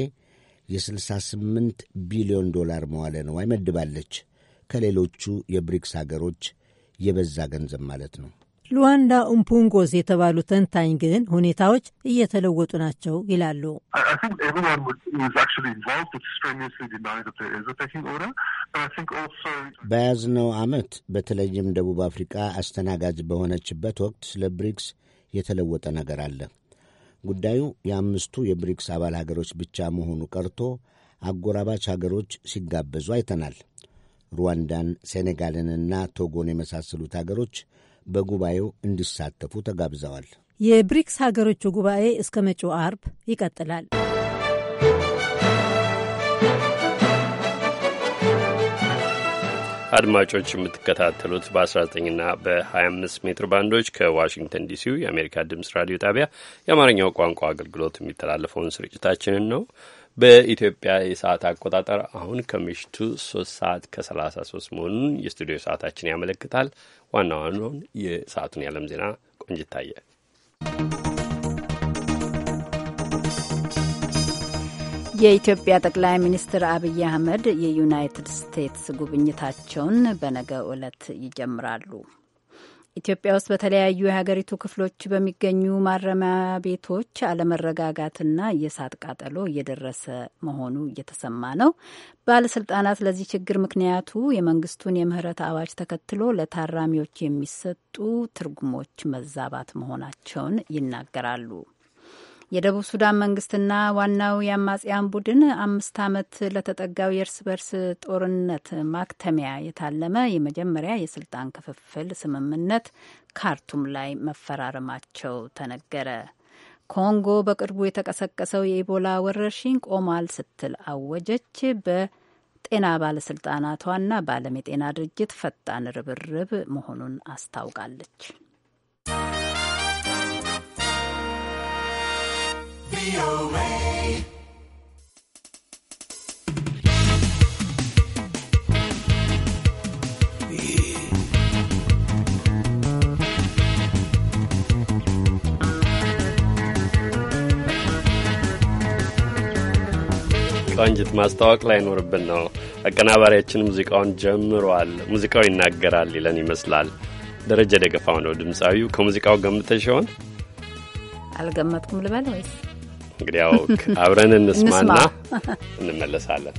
የ68 ቢሊዮን ዶላር መዋለ ንዋይ መድባለች። ከሌሎቹ የብሪክስ ሀገሮች የበዛ ገንዘብ ማለት ነው።
ሉዋንዳ ኡምፑንጎዝ የተባሉ ተንታኝ ግን ሁኔታዎች እየተለወጡ ናቸው ይላሉ።
በያዝነው ዓመት በተለይም ደቡብ አፍሪቃ አስተናጋጅ በሆነችበት ወቅት ስለ ብሪክስ የተለወጠ ነገር አለ። ጉዳዩ የአምስቱ የብሪክስ አባል ሀገሮች ብቻ መሆኑ ቀርቶ አጎራባች ሀገሮች ሲጋበዙ አይተናል። ሩዋንዳን፣ ሴኔጋልንና ቶጎን የመሳሰሉት ሀገሮች በጉባኤው እንዲሳተፉ ተጋብዘዋል።
የብሪክስ ሀገሮቹ ጉባኤ እስከ መጪው አርብ ይቀጥላል።
አድማጮች የምትከታተሉት በ19ና በ25 ሜትር ባንዶች ከዋሽንግተን ዲሲው የአሜሪካ ድምፅ ራዲዮ ጣቢያ የአማርኛው ቋንቋ አገልግሎት የሚተላለፈውን ስርጭታችንን ነው። በኢትዮጵያ የሰዓት አቆጣጠር አሁን ከምሽቱ ሶስት ሰዓት ከሰላሳ ሶስት መሆኑን የስቱዲዮ ሰዓታችን ያመለክታል። ዋና ዋናውን የሰዓቱን የዓለም ዜና ቆንጅታየ
የኢትዮጵያ ጠቅላይ ሚኒስትር አብይ አህመድ የዩናይትድ ስቴትስ ጉብኝታቸውን በነገ ዕለት ይጀምራሉ። ኢትዮጵያ ውስጥ በተለያዩ የሀገሪቱ ክፍሎች በሚገኙ ማረሚያ ቤቶች አለመረጋጋትና የእሳት ቃጠሎ እየደረሰ መሆኑ እየተሰማ ነው። ባለስልጣናት ለዚህ ችግር ምክንያቱ የመንግስቱን የምህረት አዋጅ ተከትሎ ለታራሚዎች የሚሰጡ ትርጉሞች መዛባት መሆናቸውን ይናገራሉ። የደቡብ ሱዳን መንግስትና ዋናው የአማጽያን ቡድን አምስት ዓመት ለተጠጋው የእርስ በርስ ጦርነት ማክተሚያ የታለመ የመጀመሪያ የስልጣን ክፍፍል ስምምነት ካርቱም ላይ መፈራረማቸው ተነገረ። ኮንጎ በቅርቡ የተቀሰቀሰው የኢቦላ ወረርሽኝ ቆሟል ስትል አወጀች። በጤና ባለስልጣናቷና በዓለም የጤና ድርጅት ፈጣን ርብርብ መሆኑን አስታውቃለች።
ቆንጅት ማስታወቅ ላይ ኖርብን ነው። አቀናባሪያችን ሙዚቃውን ጀምሯል። ሙዚቃው ይናገራል ይለን ይመስላል። ደረጀ ደገፋው ነው ድምፃዊው። ከሙዚቃው ገምተሽ ይሆን?
አልገመትኩም ልበል ወይስ
እንግዲያው አብረን አብረን እንስማና እንመለሳለን።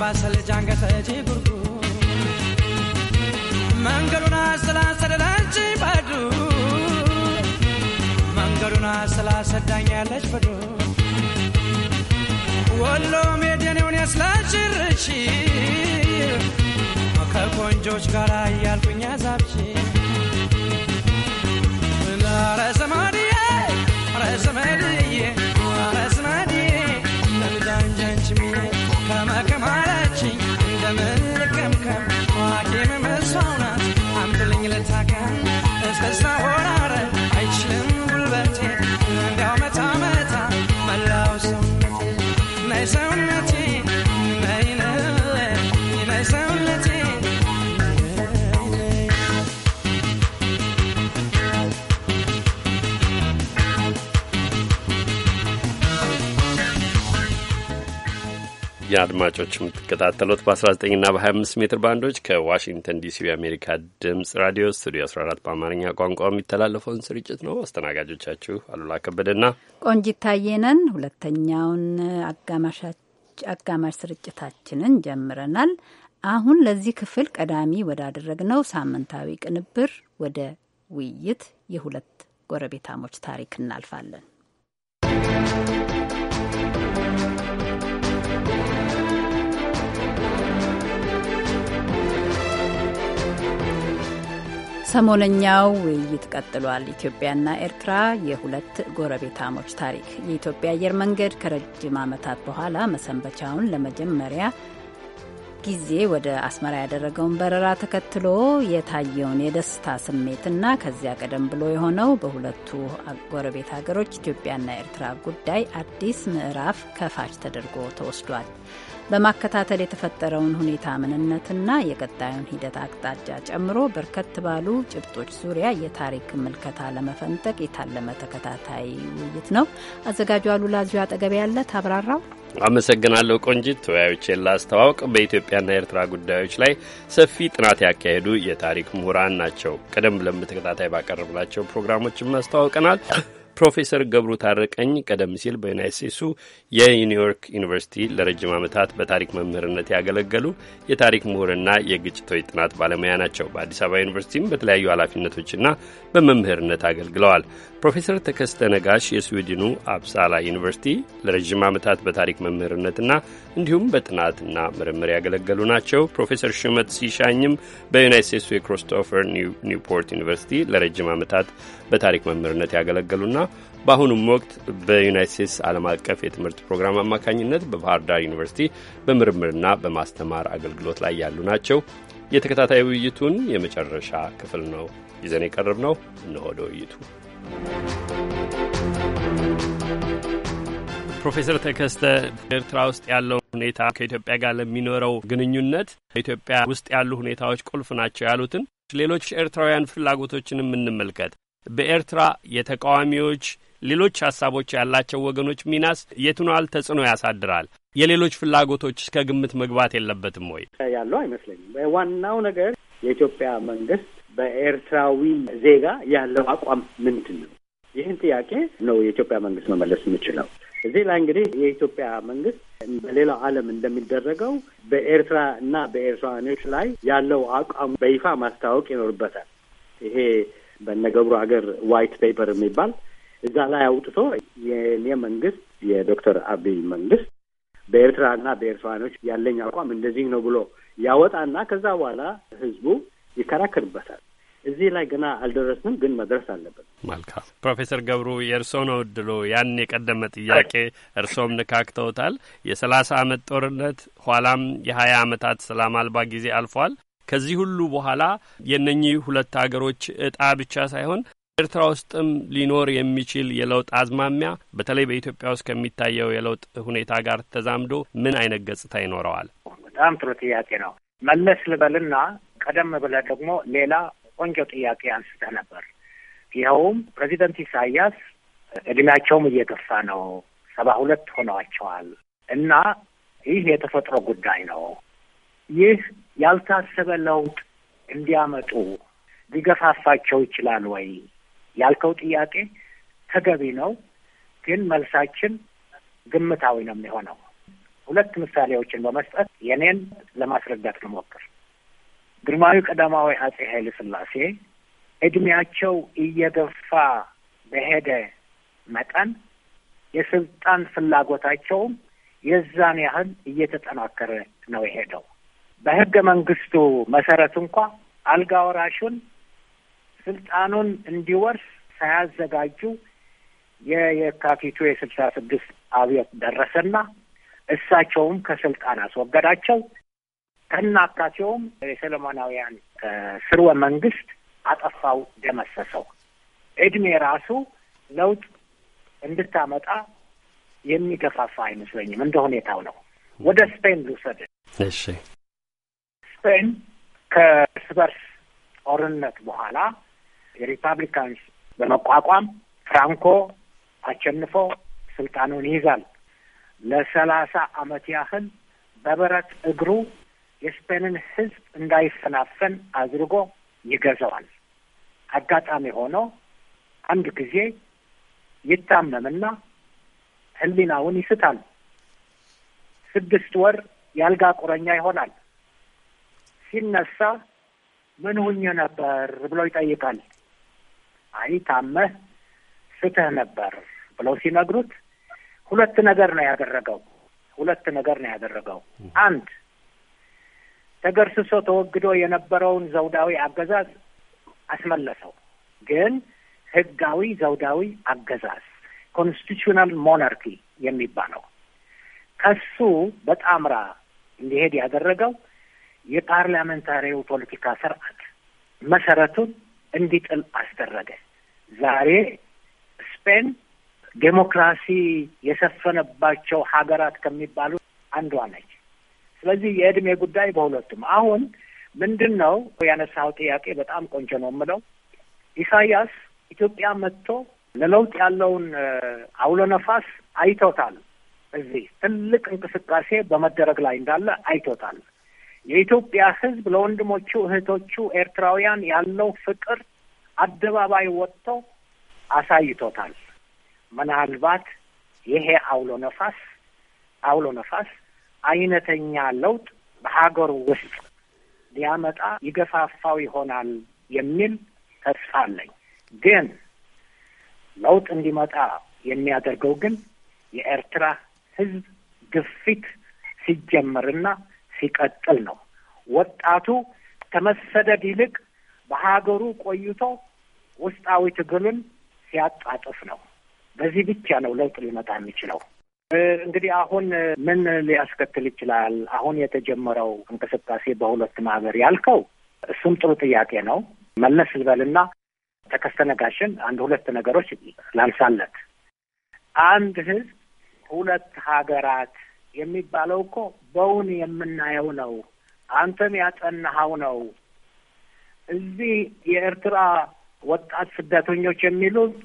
ባሰለ ጃንገተጂ ጉርጉ መንገዱን ስላሰደዳች ባዱ መንገዱን በዱ ወሎ ሜደኔውን ከቆንጆች ጋር እያልኩኛ ዛብች
የአድማጮች የምትከታተሉት በ19ና በ25 ሜትር ባንዶች ከዋሽንግተን ዲሲ የአሜሪካ ድምፅ ራዲዮ ስቱዲዮ 14 በአማርኛ ቋንቋ የሚተላለፈውን ስርጭት ነው። አስተናጋጆቻችሁ አሉላ ከበደና
ቆንጂት ታየነን። ሁለተኛውን አጋማሽ ስርጭታችንን ጀምረናል። አሁን ለዚህ ክፍል ቀዳሚ ወዳደረግነው ሳምንታዊ ቅንብር ወደ ውይይት የሁለት ጎረቤታሞች ታሪክ እናልፋለን። ሰሞነኛው ውይይት ቀጥሏል። ኢትዮጵያና ኤርትራ የሁለት ጎረቤታሞች ታሪክ። የኢትዮጵያ አየር መንገድ ከረጅም ዓመታት በኋላ መሰንበቻውን ለመጀመሪያ ጊዜ ወደ አስመራ ያደረገውን በረራ ተከትሎ የታየውን የደስታ ስሜትና ከዚያ ቀደም ብሎ የሆነው በሁለቱ ጎረቤት ሀገሮች ኢትዮጵያና ኤርትራ ጉዳይ አዲስ ምዕራፍ ከፋች ተደርጎ ተወስዷል። በማከታተል የተፈጠረውን ሁኔታ ምንነትና የቀጣዩን ሂደት አቅጣጫ ጨምሮ በርከት ባሉ ጭብጦች ዙሪያ የታሪክ ምልከታ ለመፈንጠቅ የታለመ ተከታታይ ውይይት ነው። አዘጋጁ አሉላ ዚሁ አጠገብ ያለ ታብራራው።
አመሰግናለሁ ቆንጂት። ተወያዮቼን ላስተዋውቅ። በኢትዮጵያና ኤርትራ ጉዳዮች ላይ ሰፊ ጥናት ያካሄዱ የታሪክ ምሁራን ናቸው። ቀደም ብለን በተከታታይ ባቀረብናቸው ፕሮግራሞችም አስተዋውቀናል። ፕሮፌሰር ገብሩ ታረቀኝ ቀደም ሲል በዩናይት ስቴትሱ የኒውዮርክ ዩኒቨርሲቲ ለረጅም ዓመታት በታሪክ መምህርነት ያገለገሉ የታሪክ ምሁርና የግጭቶች ጥናት ባለሙያ ናቸው። በአዲስ አበባ ዩኒቨርሲቲም በተለያዩ ኃላፊነቶችና በመምህርነት አገልግለዋል። ፕሮፌሰር ተከስተ ነጋሽ የስዊድኑ አብሳላ ዩኒቨርሲቲ ለረዥም ዓመታት በታሪክ መምህርነትና እንዲሁም በጥናትና ምርምር ያገለገሉ ናቸው። ፕሮፌሰር ሹመት ሲሻኝም በዩናይት ስቴትሱ የክሪስቶፈር ኒውፖርት ዩኒቨርሲቲ ለረጅም ዓመታት በታሪክ መምህርነት ያገለገሉና በአሁኑም ወቅት በዩናይት ስቴትስ ዓለም አቀፍ የትምህርት ፕሮግራም አማካኝነት በባህር ዳር ዩኒቨርሲቲ በምርምርና በማስተማር አገልግሎት ላይ ያሉ ናቸው። የተከታታይ ውይይቱን የመጨረሻ ክፍል ነው ይዘን የቀረብ ነው። እነሆ ውይይቱ ፕሮፌሰር ተከስተ ኤርትራ ውስጥ ያለው ሁኔታ ከኢትዮጵያ ጋር ለሚኖረው ግንኙነት ኢትዮጵያ ውስጥ ያሉ ሁኔታዎች ቁልፍ ናቸው ያሉትን ሌሎች ኤርትራውያን ፍላጎቶችንም እንመልከት። በኤርትራ የተቃዋሚዎች ሌሎች ሀሳቦች ያላቸው ወገኖች ሚናስ የትኗል ተጽዕኖ ያሳድራል? የሌሎች ፍላጎቶች እስከ ግምት መግባት የለበትም ወይ?
ያለው አይመስለኝም። ዋናው ነገር የኢትዮጵያ መንግስት በኤርትራዊ ዜጋ ያለው አቋም ምንድን ነው? ይህን ጥያቄ ነው የኢትዮጵያ መንግስት መመለስ የሚችለው። እዚህ ላይ እንግዲህ የኢትዮጵያ መንግስት በሌላው ዓለም እንደሚደረገው በኤርትራ እና በኤርትራውያኖች ላይ ያለው አቋም በይፋ ማስታወቅ ይኖርበታል። ይሄ በነገብሩ ሀገር ዋይት ፔፐር የሚባል እዛ ላይ አውጥቶ የኔ መንግስት የዶክተር አብይ መንግስት በኤርትራና በኤርትራውያኖች ያለኝ አቋም እንደዚህ ነው ብሎ ያወጣና ከዛ በኋላ ህዝቡ ይከራከርበታል። እዚህ ላይ ገና አልደረስንም፣ ግን መድረስ አለበት።
መልካም ፕሮፌሰር ገብሩ የእርስዎ ነው ያን የቀደመ ጥያቄ እርስዎም ነካክተውታል። የሰላሳ አመት ጦርነት ኋላም የሀያ አመታት ሰላም አልባ ጊዜ አልፏል። ከዚህ ሁሉ በኋላ የእነኚህ ሁለት አገሮች እጣ ብቻ ሳይሆን ኤርትራ ውስጥም ሊኖር የሚችል የለውጥ አዝማሚያ በተለይ በኢትዮጵያ ውስጥ ከሚታየው የለውጥ ሁኔታ ጋር ተዛምዶ ምን አይነት ገጽታ ይኖረዋል?
በጣም ጥሩ ጥያቄ ነው። መለስ ልበልና ቀደም ብለህ ደግሞ ሌላ ቆንጆ ጥያቄ አንስተህ ነበር። ይኸውም ፕሬዚደንት ኢሳያስ እድሜያቸውም እየገፋ ነው፣ ሰባ ሁለት ሆነዋቸዋል እና ይህ የተፈጥሮ ጉዳይ ነው። ይህ ያልታሰበ ለውጥ እንዲያመጡ ሊገፋፋቸው ይችላል ወይ ያልከው ጥያቄ ተገቢ ነው፣ ግን መልሳችን ግምታዊ ነው የሚሆነው። ሁለት ምሳሌዎችን በመስጠት የኔን ለማስረዳት ልሞክር። ግርማዊ ቀዳማዊ አጼ ኃይለ ሥላሴ እድሜያቸው እየገፋ በሄደ መጠን የስልጣን ፍላጎታቸውም የዛን ያህል እየተጠናከረ ነው የሄደው። በህገ መንግስቱ መሰረት እንኳ አልጋ ወራሹን ስልጣኑን እንዲወርስ ሳያዘጋጁ የየካቲቱ የስልሳ ስድስት አብዮት ደረሰና እሳቸውም ከስልጣን አስወገዳቸው። ከናካቴውም የሰለሞናውያን ስርወ መንግስት አጠፋው፣ ደመሰሰው። እድሜ ራሱ ለውጥ እንድታመጣ የሚገፋፋ አይመስለኝም። እንደ ሁኔታው ነው። ወደ ስፔን ልውሰድ። እሺ፣ ስፔን ከእርስ በርስ ጦርነት በኋላ የሪፐብሊካንስ በመቋቋም ፍራንኮ አሸንፎ ስልጣኑን ይይዛል። ለሰላሳ አመት ያህል በብረት እግሩ የስፔንን ህዝብ እንዳይፈናፈን አድርጎ ይገዛዋል። አጋጣሚ ሆኖ አንድ ጊዜ ይታመምና ህሊናውን ይስታል። ስድስት ወር የአልጋ ቁረኛ ይሆናል። ሲነሳ ምን ሁኜ ነበር ብሎ ይጠይቃል። አይ ታመህ ስትህ ነበር ብለው ሲነግሩት ሁለት ነገር ነው ያደረገው። ሁለት ነገር ነው ያደረገው። አንድ ተገርስሶ ተወግዶ የነበረውን ዘውዳዊ አገዛዝ አስመለሰው። ግን ህጋዊ ዘውዳዊ አገዛዝ ኮንስቲቱሽናል ሞናርኪ የሚባለው ከሱ በጣምራ እንዲሄድ ያደረገው የፓርላሜንታሪው ፖለቲካ ስርዓት መሰረቱን እንዲጥል አስደረገ። ዛሬ ስፔን ዴሞክራሲ የሰፈነባቸው ሀገራት ከሚባሉ አንዷ ነች። ስለዚህ የእድሜ ጉዳይ በሁለቱም አሁን ምንድን ነው ያነሳው ጥያቄ በጣም ቆንጆ ነው የምለው ኢሳያስ ኢትዮጵያ መጥቶ ለለውጥ ያለውን አውሎ ነፋስ አይቶታል። እዚህ ትልቅ እንቅስቃሴ በመደረግ ላይ እንዳለ አይቶታል። የኢትዮጵያ ሕዝብ ለወንድሞቹ እህቶቹ ኤርትራውያን ያለው ፍቅር አደባባይ ወጥቶ አሳይቶታል። ምናልባት ይሄ አውሎ ነፋስ አውሎ ነፋስ አይነተኛ ለውጥ በሀገር ውስጥ ሊያመጣ ይገፋፋው ይሆናል የሚል ተስፋ አለኝ። ግን ለውጥ እንዲመጣ የሚያደርገው ግን የኤርትራ ሕዝብ ግፊት ሲጀምርና ሲቀጥል ነው። ወጣቱ ከመሰደድ ይልቅ በሀገሩ ቆይቶ ውስጣዊ ትግሉን ሲያጣጥፍ ነው። በዚህ ብቻ ነው ለውጥ ሊመጣ የሚችለው። እንግዲህ አሁን ምን ሊያስከትል ይችላል? አሁን የተጀመረው እንቅስቃሴ በሁለት ማህበር ያልከው እሱም ጥሩ ጥያቄ ነው። መለስ ልበልና ተከስተ ነጋሽን አንድ ሁለት ነገሮች ላንሳለት። አንድ ህዝብ ሁለት ሀገራት የሚባለው እኮ በውን የምናየው ነው። አንተም ያጠናኸው ነው። እዚህ የኤርትራ ወጣት ስደተኞች የሚሉት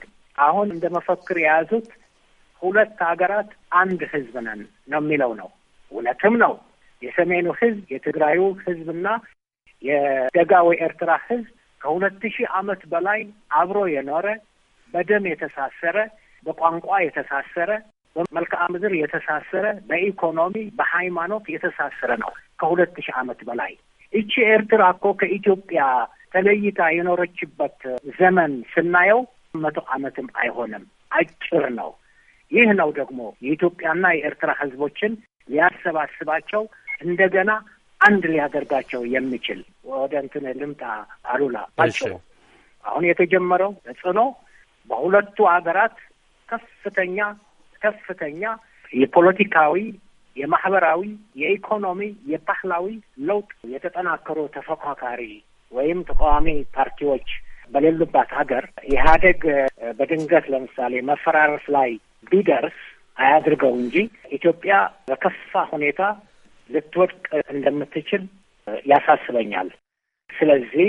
አሁን እንደ መፈክር የያዙት ሁለት ሀገራት አንድ ህዝብ ነን ነው የሚለው ነው። እውነትም ነው። የሰሜኑ ህዝብ የትግራዩ ህዝብና የደጋዊ ኤርትራ ህዝብ ከሁለት ሺህ ዓመት በላይ አብሮ የኖረ በደም የተሳሰረ በቋንቋ የተሳሰረ በመልክዓ ምድር የተሳሰረ በኢኮኖሚ በሃይማኖት የተሳሰረ ነው። ከሁለት ሺህ ዓመት በላይ እቺ ኤርትራ እኮ ከኢትዮጵያ ተለይታ የኖረችበት ዘመን ስናየው መቶ ዓመትም አይሆንም፣ አጭር ነው። ይህ ነው ደግሞ የኢትዮጵያና የኤርትራ ህዝቦችን ሊያሰባስባቸው እንደገና አንድ ሊያደርጋቸው የሚችል ወደ እንትን ልምጣ አሉላ ባጭሩ አሁን የተጀመረው ተጽዕኖ በሁለቱ ሀገራት ከፍተኛ ከፍተኛ የፖለቲካዊ፣ የማህበራዊ፣ የኢኮኖሚ፣ የባህላዊ ለውጥ የተጠናከሩ ተፎካካሪ ወይም ተቃዋሚ ፓርቲዎች በሌሉባት ሀገር ኢህአዴግ በድንገት ለምሳሌ መፈራረስ ላይ ቢደርስ አያድርገው እንጂ ኢትዮጵያ በከፋ ሁኔታ ልትወድቅ እንደምትችል ያሳስበኛል። ስለዚህ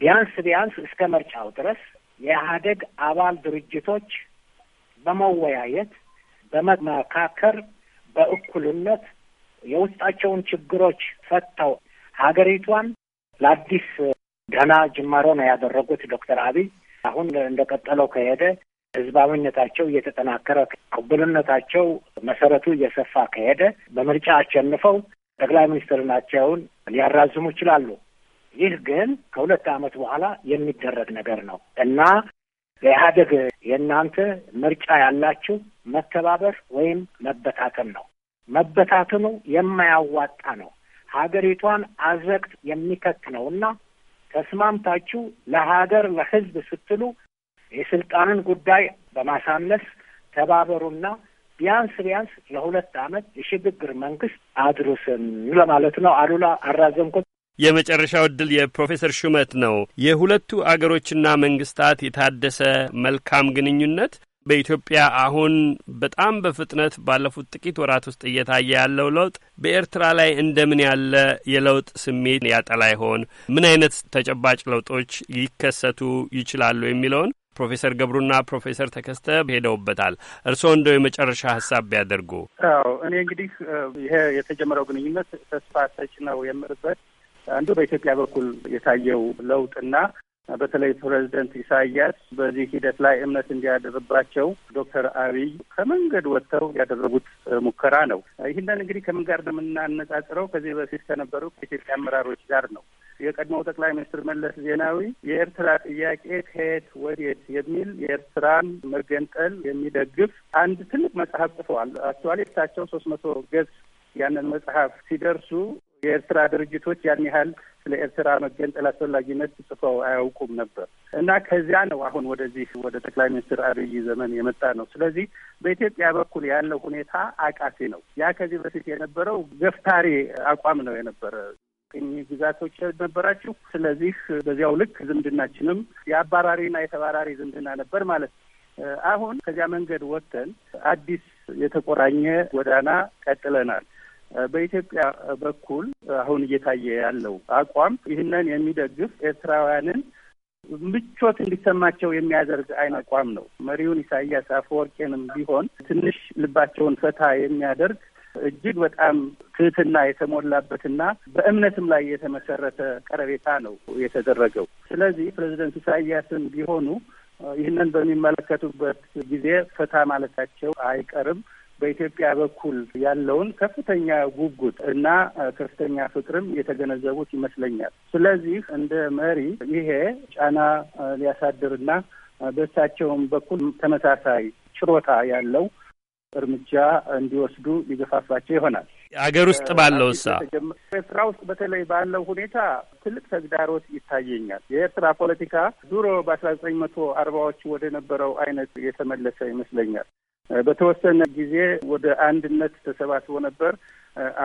ቢያንስ ቢያንስ እስከ ምርጫው ድረስ የኢህአደግ አባል ድርጅቶች በመወያየት በመመካከር በእኩልነት የውስጣቸውን ችግሮች ፈተው ሀገሪቷን ለአዲስ ገና ጅማሮ ነው ያደረጉት ዶክተር አብይ አሁን እንደቀጠለው ከሄደ ህዝባዊነታቸው እየተጠናከረ ቅቡልነታቸው መሰረቱ እየሰፋ ከሄደ በምርጫ አሸንፈው ጠቅላይ ሚኒስትርናቸውን ሊያራዝሙ ይችላሉ። ይህ ግን ከሁለት ዓመት በኋላ የሚደረግ ነገር ነው እና ለኢህአደግ የእናንተ ምርጫ ያላችሁ መተባበር ወይም መበታተን ነው። መበታተኑ የማያዋጣ ነው፣ ሀገሪቷን አዘቅት የሚከት ነው እና ተስማምታችሁ ለሀገር ለህዝብ ስትሉ የስልጣንን ጉዳይ በማሳነስ ተባበሩና ቢያንስ ቢያንስ ለሁለት ዓመት የሽግግር መንግስት አድርስን ለማለት ነው። አሉላ አራዘምኩት።
የመጨረሻው እድል የፕሮፌሰር ሹመት ነው። የሁለቱ አገሮችና መንግስታት የታደሰ መልካም ግንኙነት በኢትዮጵያ አሁን በጣም በፍጥነት ባለፉት ጥቂት ወራት ውስጥ እየታየ ያለው ለውጥ በኤርትራ ላይ እንደምን ያለ የለውጥ ስሜት ያጠላ ይሆን? ምን አይነት ተጨባጭ ለውጦች ሊከሰቱ ይችላሉ የሚለውን ፕሮፌሰር ገብሩና ፕሮፌሰር ተከስተ ሄደውበታል። እርስዎ እንደው የመጨረሻ ሀሳብ ቢያደርጉ።
አዎ እኔ እንግዲህ ይሄ የተጀመረው ግንኙነት ተስፋ ሰጭ ነው የምልበት አንዱ በኢትዮጵያ በኩል የታየው ለውጥና በተለይ ፕሬዚደንት ኢሳያስ በዚህ ሂደት ላይ እምነት እንዲያደርባቸው ዶክተር አብይ ከመንገድ ወጥተው ያደረጉት ሙከራ ነው። ይህንን እንግዲህ ከምን ጋር ከዚህ በፊት ከነበሩ ከኢትዮጵያ አመራሮች ጋር ነው። የቀድሞው ጠቅላይ ሚኒስትር መለስ ዜናዊ የኤርትራ ጥያቄ ከየት ወዴት የሚል የኤርትራን መገንጠል የሚደግፍ አንድ ትልቅ መጽሐፍ ጽፈዋል። አክቹዋሊ እሳቸው ሶስት መቶ ገጽ ያንን መጽሐፍ ሲደርሱ የኤርትራ ድርጅቶች ያን ያህል ስለ ኤርትራ መገንጠል አስፈላጊነት ጽፈው አያውቁም ነበር እና ከዚያ ነው አሁን ወደዚህ ወደ ጠቅላይ ሚኒስትር አብይ ዘመን የመጣ ነው። ስለዚህ በኢትዮጵያ በኩል ያለው ሁኔታ አቃሴ ነው። ያ ከዚህ በፊት የነበረው ገፍታሪ አቋም ነው የነበረ ቅኝ ግዛቶች ነበራችሁ። ስለዚህ በዚያው ልክ ዝምድናችንም የአባራሪና የተባራሪ ዝምድና ነበር ማለት ነው። አሁን ከዚያ መንገድ ወጥተን አዲስ የተቆራኘ ጎዳና ቀጥለናል። በኢትዮጵያ በኩል አሁን እየታየ ያለው አቋም ይህንን የሚደግፍ ኤርትራውያንን ምቾት እንዲሰማቸው የሚያደርግ አይነት አቋም ነው። መሪውን ኢሳያስ አፈወርቄንም ቢሆን ትንሽ ልባቸውን ፈታ የሚያደርግ እጅግ በጣም ትህትና የተሞላበትና በእምነትም ላይ የተመሰረተ ቀረቤታ ነው የተደረገው። ስለዚህ ፕሬዚደንት ኢሳያስም ቢሆኑ ይህንን በሚመለከቱበት ጊዜ ፈታ ማለታቸው አይቀርም። በኢትዮጵያ በኩል ያለውን ከፍተኛ ጉጉት እና ከፍተኛ ፍቅርም የተገነዘቡት ይመስለኛል። ስለዚህ እንደ መሪ ይሄ ጫና ሊያሳድርና በእሳቸውም በኩል ተመሳሳይ ችሮታ ያለው እርምጃ እንዲወስዱ ሊገፋፋቸው ይሆናል።
አገር ውስጥ ባለው እሳ
ኤርትራ ውስጥ በተለይ ባለው ሁኔታ ትልቅ ተግዳሮት ይታየኛል። የኤርትራ ፖለቲካ ድሮ በአስራ ዘጠኝ መቶ አርባዎቹ ወደ ነበረው አይነት የተመለሰ ይመስለኛል። በተወሰነ ጊዜ ወደ አንድነት ተሰባስቦ ነበር።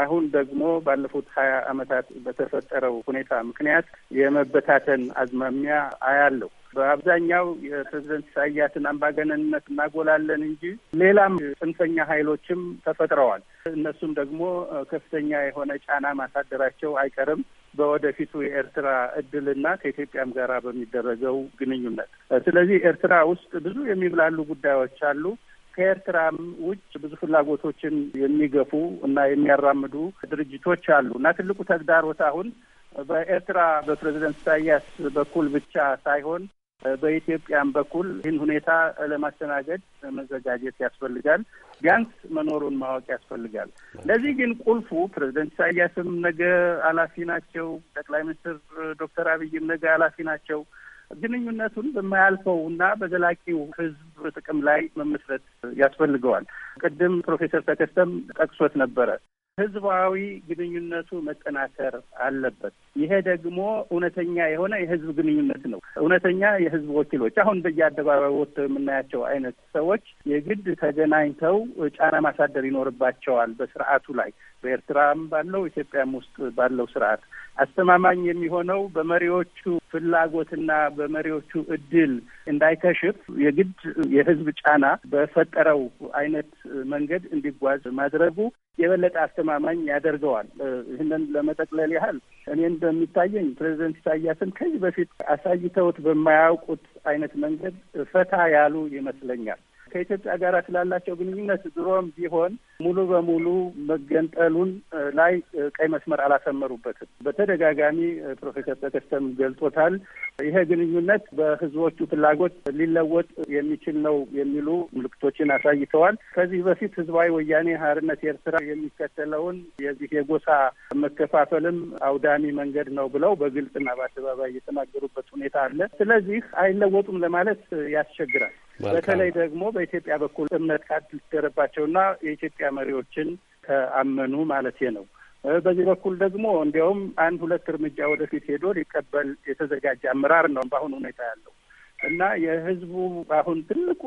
አሁን ደግሞ ባለፉት ሀያ አመታት በተፈጠረው ሁኔታ ምክንያት የመበታተን አዝማሚያ አያለሁ። በአብዛኛው የፕሬዝደንት ኢሳያስን አምባገነንነት እናጎላለን እንጂ ሌላም ጽንፈኛ ኃይሎችም ተፈጥረዋል። እነሱም ደግሞ ከፍተኛ የሆነ ጫና ማሳደራቸው አይቀርም በወደፊቱ የኤርትራ እድልና ከኢትዮጵያም ጋራ በሚደረገው ግንኙነት። ስለዚህ ኤርትራ ውስጥ ብዙ የሚብላሉ ጉዳዮች አሉ። ከኤርትራም ውጭ ብዙ ፍላጎቶችን የሚገፉ እና የሚያራምዱ ድርጅቶች አሉ እና ትልቁ ተግዳሮት አሁን በኤርትራ በፕሬዚደንት ኢሳያስ በኩል ብቻ ሳይሆን በኢትዮጵያም በኩል ይህን ሁኔታ ለማስተናገድ መዘጋጀት ያስፈልጋል። ቢያንስ መኖሩን ማወቅ ያስፈልጋል። ለዚህ ግን ቁልፉ ፕሬዚደንት ኢሳያስም ነገ ኃላፊ ናቸው። ጠቅላይ ሚኒስትር ዶክተር አብይም ነገ ኃላፊ ናቸው። ግንኙነቱን በማያልፈው እና በዘላቂው ህዝብ ጥቅም ላይ መመስረት ያስፈልገዋል። ቅድም ፕሮፌሰር ተከስተም ጠቅሶት ነበረ። ህዝባዊ ግንኙነቱ መጠናከር አለበት። ይሄ ደግሞ እውነተኛ የሆነ የህዝብ ግንኙነት ነው። እውነተኛ የህዝብ ወኪሎች አሁን በየአደባባይ ወጥተው የምናያቸው አይነት ሰዎች የግድ ተገናኝተው ጫና ማሳደር ይኖርባቸዋል በስርዓቱ ላይ በኤርትራም ባለው ኢትዮጵያም ውስጥ ባለው ስርዓት አስተማማኝ የሚሆነው በመሪዎቹ ፍላጎትና በመሪዎቹ እድል እንዳይከሽፍ የግድ የህዝብ ጫና በፈጠረው አይነት መንገድ እንዲጓዝ ማድረጉ የበለጠ አስተማማኝ ያደርገዋል። ይህንን ለመጠቅለል ያህል እኔ እንደሚታየኝ ፕሬዚደንት ኢሳያስን ከዚህ በፊት አሳይተውት በማያውቁት አይነት መንገድ ፈታ ያሉ ይመስለኛል። ከኢትዮጵያ ጋር ስላላቸው ግንኙነት ድሮም ቢሆን ሙሉ በሙሉ መገንጠሉን ላይ ቀይ መስመር አላሰመሩበትም። በተደጋጋሚ ፕሮፌሰር ተከስተም ገልጦታል። ይሄ ግንኙነት በህዝቦቹ ፍላጎት ሊለወጥ የሚችል ነው የሚሉ ምልክቶችን አሳይተዋል። ከዚህ በፊት ህዝባዊ ወያኔ ሀርነት ኤርትራ የሚከተለውን የዚህ የጎሳ መከፋፈልም አውዳሚ መንገድ ነው ብለው በግልጽና በአደባባይ የተናገሩበት ሁኔታ አለ። ስለዚህ አይለወጡም ለማለት ያስቸግራል። በተለይ ደግሞ በኢትዮጵያ በኩል እምነት ካድ የኢትዮጵያ መሪዎችን ከአመኑ ማለት ነው። በዚህ በኩል ደግሞ እንዲያውም አንድ ሁለት እርምጃ ወደፊት ሄዶ ሊቀበል የተዘጋጀ አመራር ነው በአሁኑ ሁኔታ ያለው እና የህዝቡ አሁን ትልቁ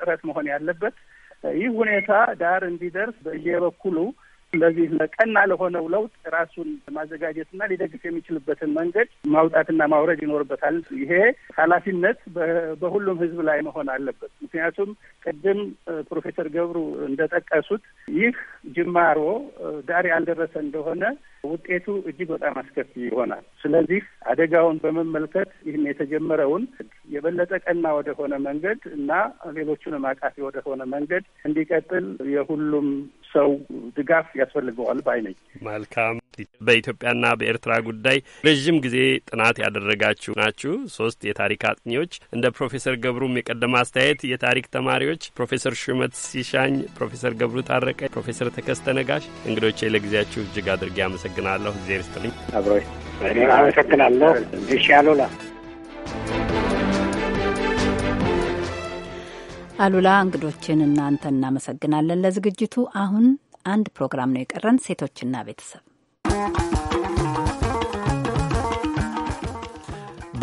ጥረት መሆን ያለበት ይህ ሁኔታ ዳር እንዲደርስ በየበኩሉ ለዚህ ለቀና ለሆነው ለውጥ ራሱን ማዘጋጀትና ሊደግፍ የሚችልበትን መንገድ ማውጣትና ማውረድ ይኖርበታል። ይሄ ኃላፊነት በሁሉም ህዝብ ላይ መሆን አለበት። ምክንያቱም ቅድም ፕሮፌሰር ገብሩ እንደጠቀሱት ይህ ጅማሮ ዳር ያልደረሰ እንደሆነ ውጤቱ እጅግ በጣም አስከፊ ይሆናል። ስለዚህ አደጋውን በመመልከት ይህን የተጀመረውን የበለጠ ቀና ወደሆነ መንገድ እና ሌሎቹንም አቃፊ ወደሆነ መንገድ እንዲቀጥል የሁሉም ሰው ድጋፍ ያስፈልገዋል ባይ ነኝ።
መልካም። በኢትዮጵያና በኤርትራ ጉዳይ ረዥም ጊዜ ጥናት ያደረጋችሁ ናችሁ ሶስት የታሪክ አጥኚዎች። እንደ ፕሮፌሰር ገብሩም የቀደመ አስተያየት የታሪክ ተማሪዎች ፕሮፌሰር ሹመት ሲሻኝ፣ ፕሮፌሰር ገብሩ ታረቀ፣ ፕሮፌሰር ተከስተ ነጋሽ እንግዶቼ ለጊዜያችሁ እጅግ አድርጌ አመሰግናለሁ። እግዜር ይስጥልኝ። አብሮ
አመሰግናለሁ። እሺ አሉላ
አሉላ እንግዶችን እናንተ እናመሰግናለን ለዝግጅቱ። አሁን አንድ ፕሮግራም ነው የቀረን፣ ሴቶችና ቤተሰብ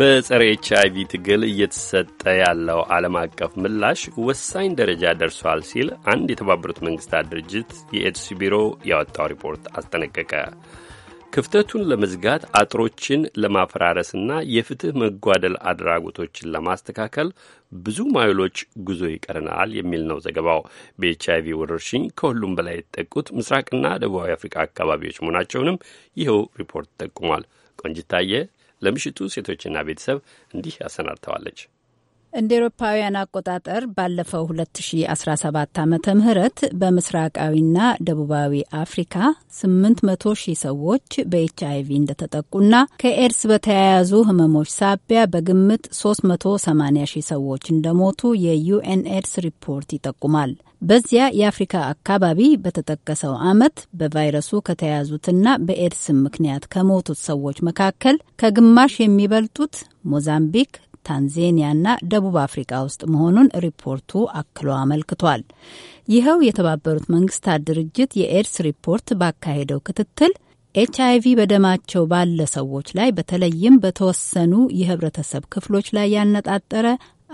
በጸረ ኤች አይቪ ትግል እየተሰጠ ያለው ዓለም አቀፍ ምላሽ ወሳኝ ደረጃ ደርሷል ሲል አንድ የተባበሩት መንግስታት ድርጅት የኤድስ ቢሮ ያወጣው ሪፖርት አስጠነቀቀ። ክፍተቱን ለመዝጋት አጥሮችን ለማፈራረስና የፍትህ መጓደል አድራጎቶችን ለማስተካከል ብዙ ማይሎች ጉዞ ይቀርናል የሚል ነው ዘገባው። በኤች አይቪ ወረርሽኝ ከሁሉም በላይ የተጠቁት ምስራቅና ደቡባዊ አፍሪካ አካባቢዎች መሆናቸውንም ይኸው ሪፖርት ጠቁሟል። ቆንጅታየ ለምሽቱ ሴቶችና ቤተሰብ እንዲህ ያሰናድተዋለች።
እንደ ኤሮፓውያን አቆጣጠር ባለፈው 2017 ዓ ም በምስራቃዊና ደቡባዊ አፍሪካ 800 ሺህ ሰዎች በኤች አይቪ እንደተጠቁና ከኤድስ በተያያዙ ህመሞች ሳቢያ በግምት 380 ሺህ ሰዎች እንደሞቱ የዩኤን ኤድስ ሪፖርት ይጠቁማል። በዚያ የአፍሪካ አካባቢ በተጠቀሰው ዓመት በቫይረሱ ከተያዙትና በኤድስ ምክንያት ከሞቱት ሰዎች መካከል ከግማሽ የሚበልጡት ሞዛምቢክ፣ ታንዜኒያና ደቡብ አፍሪካ ውስጥ መሆኑን ሪፖርቱ አክሎ አመልክቷል። ይኸው የተባበሩት መንግስታት ድርጅት የኤድስ ሪፖርት ባካሄደው ክትትል ኤች አይቪ በደማቸው ባለ ሰዎች ላይ በተለይም በተወሰኑ የህብረተሰብ ክፍሎች ላይ ያነጣጠረ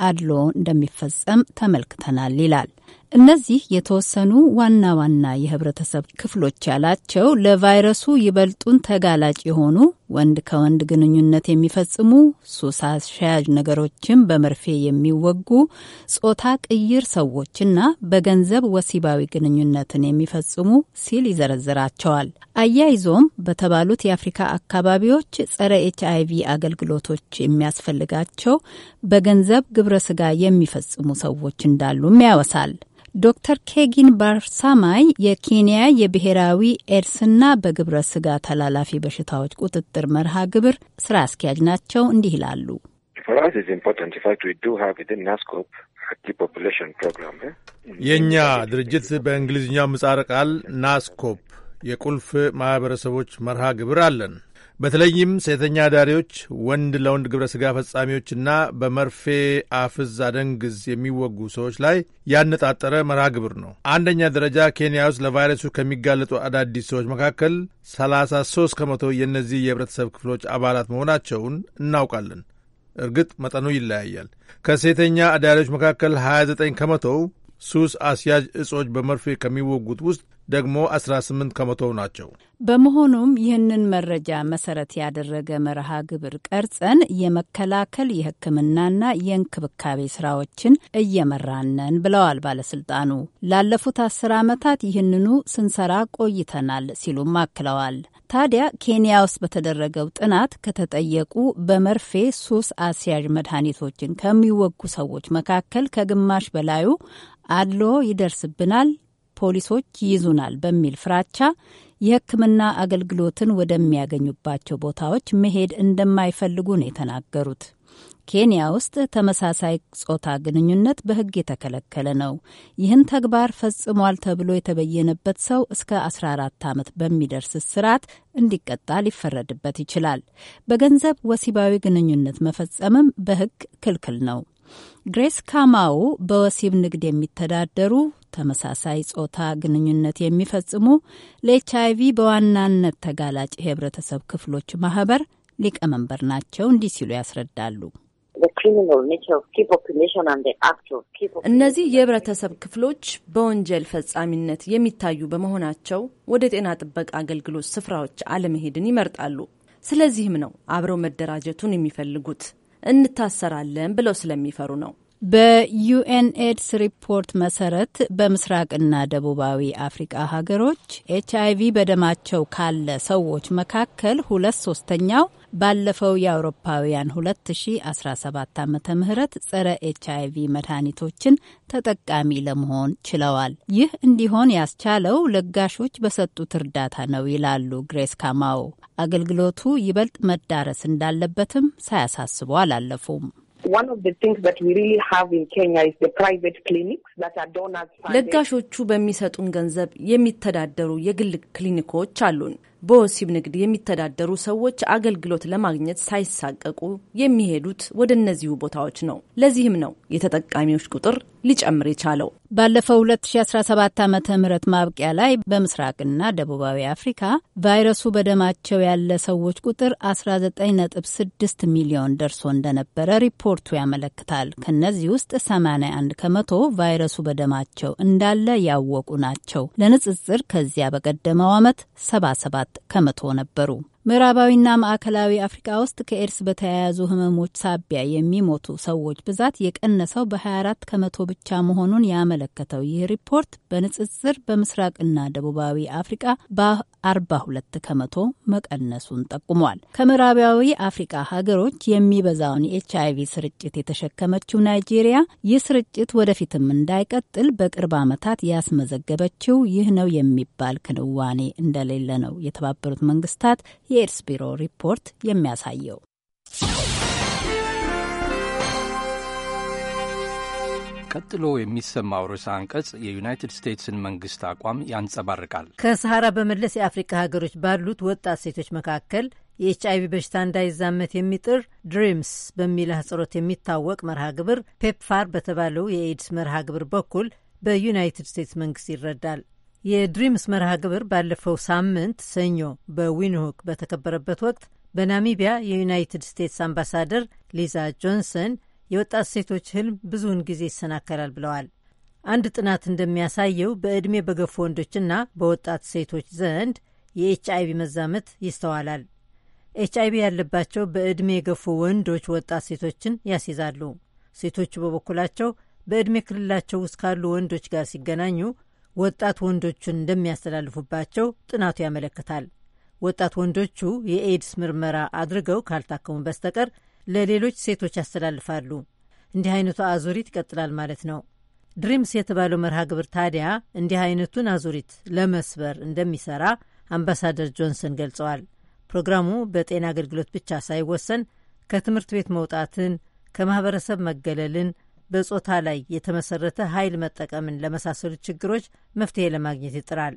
አድሎ እንደሚፈጸም ተመልክተናል ይላል። እነዚህ የተወሰኑ ዋና ዋና የህብረተሰብ ክፍሎች ያላቸው ለቫይረሱ ይበልጡን ተጋላጭ የሆኑ ወንድ ከወንድ ግንኙነት የሚፈጽሙ፣ ሱስ አስያዥ ነገሮችን በመርፌ የሚወጉ፣ ጾታ ቅይር ሰዎችና በገንዘብ ወሲባዊ ግንኙነትን የሚፈጽሙ ሲል ይዘረዝራቸዋል። አያይዞም በተባሉት የአፍሪካ አካባቢዎች ጸረ ኤች አይቪ አገልግሎቶች የሚያስፈልጋቸው በገንዘብ ግብረ ስጋ የሚፈጽሙ ሰዎች እንዳሉም ያወሳል። ዶክተር ኬጊን ባርሳማይ የኬንያ የብሔራዊ ኤድስና በግብረ ስጋ ተላላፊ በሽታዎች ቁጥጥር መርሃ ግብር ስራ አስኪያጅ
ናቸው። እንዲህ ይላሉ።
eh?
የእኛ ድርጅት በእንግሊዝኛው ምጻረ ቃል ናስኮፕ የቁልፍ ማህበረሰቦች መርሃ ግብር አለን። በተለይም ሴተኛ አዳሪዎች፣ ወንድ ለወንድ ግብረ ሥጋ ፈጻሚዎችና በመርፌ አፍዝ አደንግዝ የሚወጉ ሰዎች ላይ ያነጣጠረ መርሃ ግብር ነው። አንደኛ ደረጃ ኬንያ ውስጥ ለቫይረሱ ከሚጋለጡ አዳዲስ ሰዎች መካከል 33 ከመቶ የእነዚህ የህብረተሰብ ክፍሎች አባላት መሆናቸውን እናውቃለን። እርግጥ መጠኑ ይለያያል። ከሴተኛ አዳሪዎች መካከል 29 ከመቶው ሱስ አስያዥ እጾች በመርፌ ከሚወጉት ውስጥ ደግሞ 18 ከመቶ ናቸው።
በመሆኑም ይህንን መረጃ መሰረት ያደረገ መርሃ ግብር ቀርጸን የመከላከል የሕክምናና የእንክብካቤ ስራዎችን እየመራነን ብለዋል ባለስልጣኑ። ላለፉት አስር ዓመታት ይህንኑ ስንሰራ ቆይተናል ሲሉም አክለዋል። ታዲያ ኬንያ ውስጥ በተደረገው ጥናት ከተጠየቁ በመርፌ ሱስ አስያዥ መድኃኒቶችን ከሚወጉ ሰዎች መካከል ከግማሽ በላዩ አድሎ ይደርስብናል፣ ፖሊሶች ይይዙናል በሚል ፍራቻ የሕክምና አገልግሎትን ወደሚያገኙባቸው ቦታዎች መሄድ እንደማይፈልጉ ነው የተናገሩት። ኬንያ ውስጥ ተመሳሳይ ጾታ ግንኙነት በሕግ የተከለከለ ነው። ይህን ተግባር ፈጽሟል ተብሎ የተበየነበት ሰው እስከ 14 ዓመት በሚደርስ እስራት እንዲቀጣ ሊፈረድበት ይችላል። በገንዘብ ወሲባዊ ግንኙነት መፈጸምም በሕግ ክልክል ነው። ግሬስ ካማው በወሲብ ንግድ የሚተዳደሩ ተመሳሳይ ጾታ ግንኙነት የሚፈጽሙ ለኤች ቪ በዋናነት ተጋላጭ የህብረተሰብ ክፍሎች ማህበር ሊቀመንበር ናቸው። እንዲህ ሲሉ ያስረዳሉ። እነዚህ የህብረተሰብ ክፍሎች በወንጀል ፈጻሚነት የሚታዩ በመሆናቸው ወደ ጤና ጥበቃ አገልግሎት ስፍራዎች አለመሄድን ይመርጣሉ። ስለዚህም ነው አብረው መደራጀቱን የሚፈልጉት። እንታሰራለን ብለው ስለሚፈሩ ነው። በዩኤንኤድስ ሪፖርት መሰረት በምስራቅና ደቡባዊ አፍሪቃ ሀገሮች ኤች አይቪ በደማቸው ካለ ሰዎች መካከል ሁለት ሶስተኛው ባለፈው የአውሮፓውያን 2017 ዓመተ ምህረት ጸረ ኤች አይቪ መድኃኒቶችን ተጠቃሚ ለመሆን ችለዋል። ይህ እንዲሆን ያስቻለው ለጋሾች በሰጡት እርዳታ ነው ይላሉ ግሬስ ካማው። አገልግሎቱ ይበልጥ መዳረስ እንዳለበትም ሳያሳስቡ አላለፉም። ለጋሾቹ በሚሰጡን ገንዘብ የሚተዳደሩ የግል ክሊኒኮች አሉን። በወሲብ ንግድ የሚተዳደሩ ሰዎች አገልግሎት ለማግኘት ሳይሳቀቁ የሚሄዱት ወደ እነዚሁ ቦታዎች ነው። ለዚህም ነው የተጠቃሚዎች ቁጥር ሊጨምር የቻለው። ባለፈው 2017 ዓ ም ማብቂያ ላይ በምስራቅና ደቡባዊ አፍሪካ ቫይረሱ በደማቸው ያለ ሰዎች ቁጥር 19.6 ሚሊዮን ደርሶ እንደነበረ ሪፖርቱ ያመለክታል። ከእነዚህ ውስጥ 81 ከመቶ ቫይረሱ በደማቸው እንዳለ ያወቁ ናቸው። ለንጽጽር ከዚያ በቀደመው ዓመት 77 ከመቶ ነበሩ። ምዕራባዊና ማዕከላዊ አፍሪካ ውስጥ ከኤድስ በተያያዙ ህመሞች ሳቢያ የሚሞቱ ሰዎች ብዛት የቀነሰው በ24 ከመቶ ብቻ መሆኑን ያመለከተው ይህ ሪፖርት በንጽጽር በምስራቅና ደቡባዊ አፍሪቃ በ42 ከመቶ መቀነሱን ጠቁሟል። ከምዕራባዊ አፍሪቃ ሀገሮች የሚበዛውን የኤች አይቪ ስርጭት የተሸከመችው ናይጄሪያ ይህ ስርጭት ወደፊትም እንዳይቀጥል በቅርብ ዓመታት ያስመዘገበችው ይህ ነው የሚባል ክንዋኔ እንደሌለ ነው የተባበሩት መንግስታት የኤድስ ቢሮ ሪፖርት የሚያሳየው።
ቀጥሎ የሚሰማው ርዕሰ አንቀጽ የዩናይትድ ስቴትስን መንግስት አቋም ያንጸባርቃል።
ከሰሃራ በመለስ የአፍሪካ ሀገሮች ባሉት ወጣት ሴቶች መካከል የኤች አይቪ በሽታ እንዳይዛመት የሚጥር ድሪምስ በሚል ህጽሮት የሚታወቅ መርሃ ግብር ፔፕፋር በተባለው የኤድስ መርሃ ግብር በኩል በዩናይትድ ስቴትስ መንግስት ይረዳል። የድሪምስ መርሃ ግብር ባለፈው ሳምንት ሰኞ በዊንሆክ በተከበረበት ወቅት በናሚቢያ የዩናይትድ ስቴትስ አምባሳደር ሊዛ ጆንሰን የወጣት ሴቶች ህልም ብዙውን ጊዜ ይሰናከላል ብለዋል። አንድ ጥናት እንደሚያሳየው በዕድሜ በገፉ ወንዶችና በወጣት ሴቶች ዘንድ የኤች አይቪ መዛመት ይስተዋላል። ኤች አይቪ ያለባቸው በዕድሜ የገፉ ወንዶች ወጣት ሴቶችን ያስይዛሉ። ሴቶቹ በበኩላቸው በዕድሜ ክልላቸው ውስጥ ካሉ ወንዶች ጋር ሲገናኙ ወጣት ወንዶቹን እንደሚያስተላልፉባቸው ጥናቱ ያመለክታል። ወጣት ወንዶቹ የኤድስ ምርመራ አድርገው ካልታከሙ በስተቀር ለሌሎች ሴቶች ያስተላልፋሉ። እንዲህ አይነቱ አዙሪት ይቀጥላል ማለት ነው። ድሪምስ የተባለው መርሃ ግብር ታዲያ እንዲህ አይነቱን አዙሪት ለመስበር እንደሚሰራ አምባሳደር ጆንሰን ገልጸዋል። ፕሮግራሙ በጤና አገልግሎት ብቻ ሳይወሰን ከትምህርት ቤት መውጣትን፣ ከማህበረሰብ መገለልን በጾታ ላይ የተመሰረተ ኃይል መጠቀምን ለመሳሰሉት ችግሮች መፍትሄ ለማግኘት ይጥራል።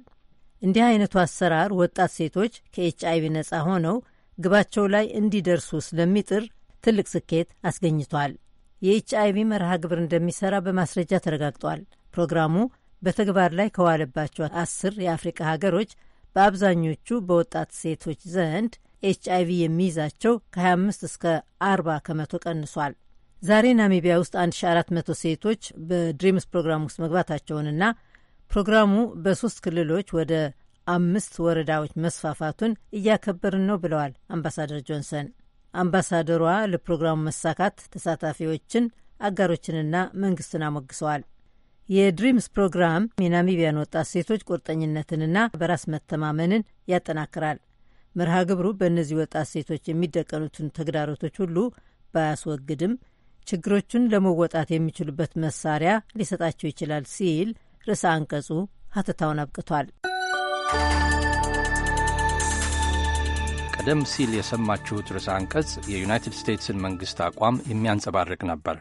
እንዲህ አይነቱ አሰራር ወጣት ሴቶች ከኤች አይቪ ነጻ ሆነው ግባቸው ላይ እንዲደርሱ ስለሚጥር ትልቅ ስኬት አስገኝቷል። የኤች አይቪ መርሃ ግብር እንደሚሰራ በማስረጃ ተረጋግጧል። ፕሮግራሙ በተግባር ላይ ከዋለባቸው አስር የአፍሪካ ሀገሮች በአብዛኞቹ በወጣት ሴቶች ዘንድ ኤች አይቪ የሚይዛቸው ከ25 እስከ 40 ከመቶ ቀንሷል። ዛሬ ናሚቢያ ውስጥ 1400 ሴቶች በድሪምስ ፕሮግራም ውስጥ መግባታቸውንና ፕሮግራሙ በሶስት ክልሎች ወደ አምስት ወረዳዎች መስፋፋቱን እያከበርን ነው ብለዋል አምባሳደር ጆንሰን። አምባሳደሯ ለፕሮግራሙ መሳካት ተሳታፊዎችን፣ አጋሮችንና መንግስትን አሞግሰዋል። የድሪምስ ፕሮግራም የናሚቢያን ወጣት ሴቶች ቁርጠኝነትንና በራስ መተማመንን ያጠናክራል። መርሃ ግብሩ በእነዚህ ወጣት ሴቶች የሚደቀኑትን ተግዳሮቶች ሁሉ ባያስወግድም ችግሮቹን ለመወጣት የሚችሉበት መሳሪያ ሊሰጣቸው ይችላል ሲል ርዕሰ አንቀጹ ሀተታውን አብቅቷል።
ቀደም ሲል የሰማችሁት ርዕሰ አንቀጽ የዩናይትድ ስቴትስን መንግሥት አቋም የሚያንጸባርቅ ነበር።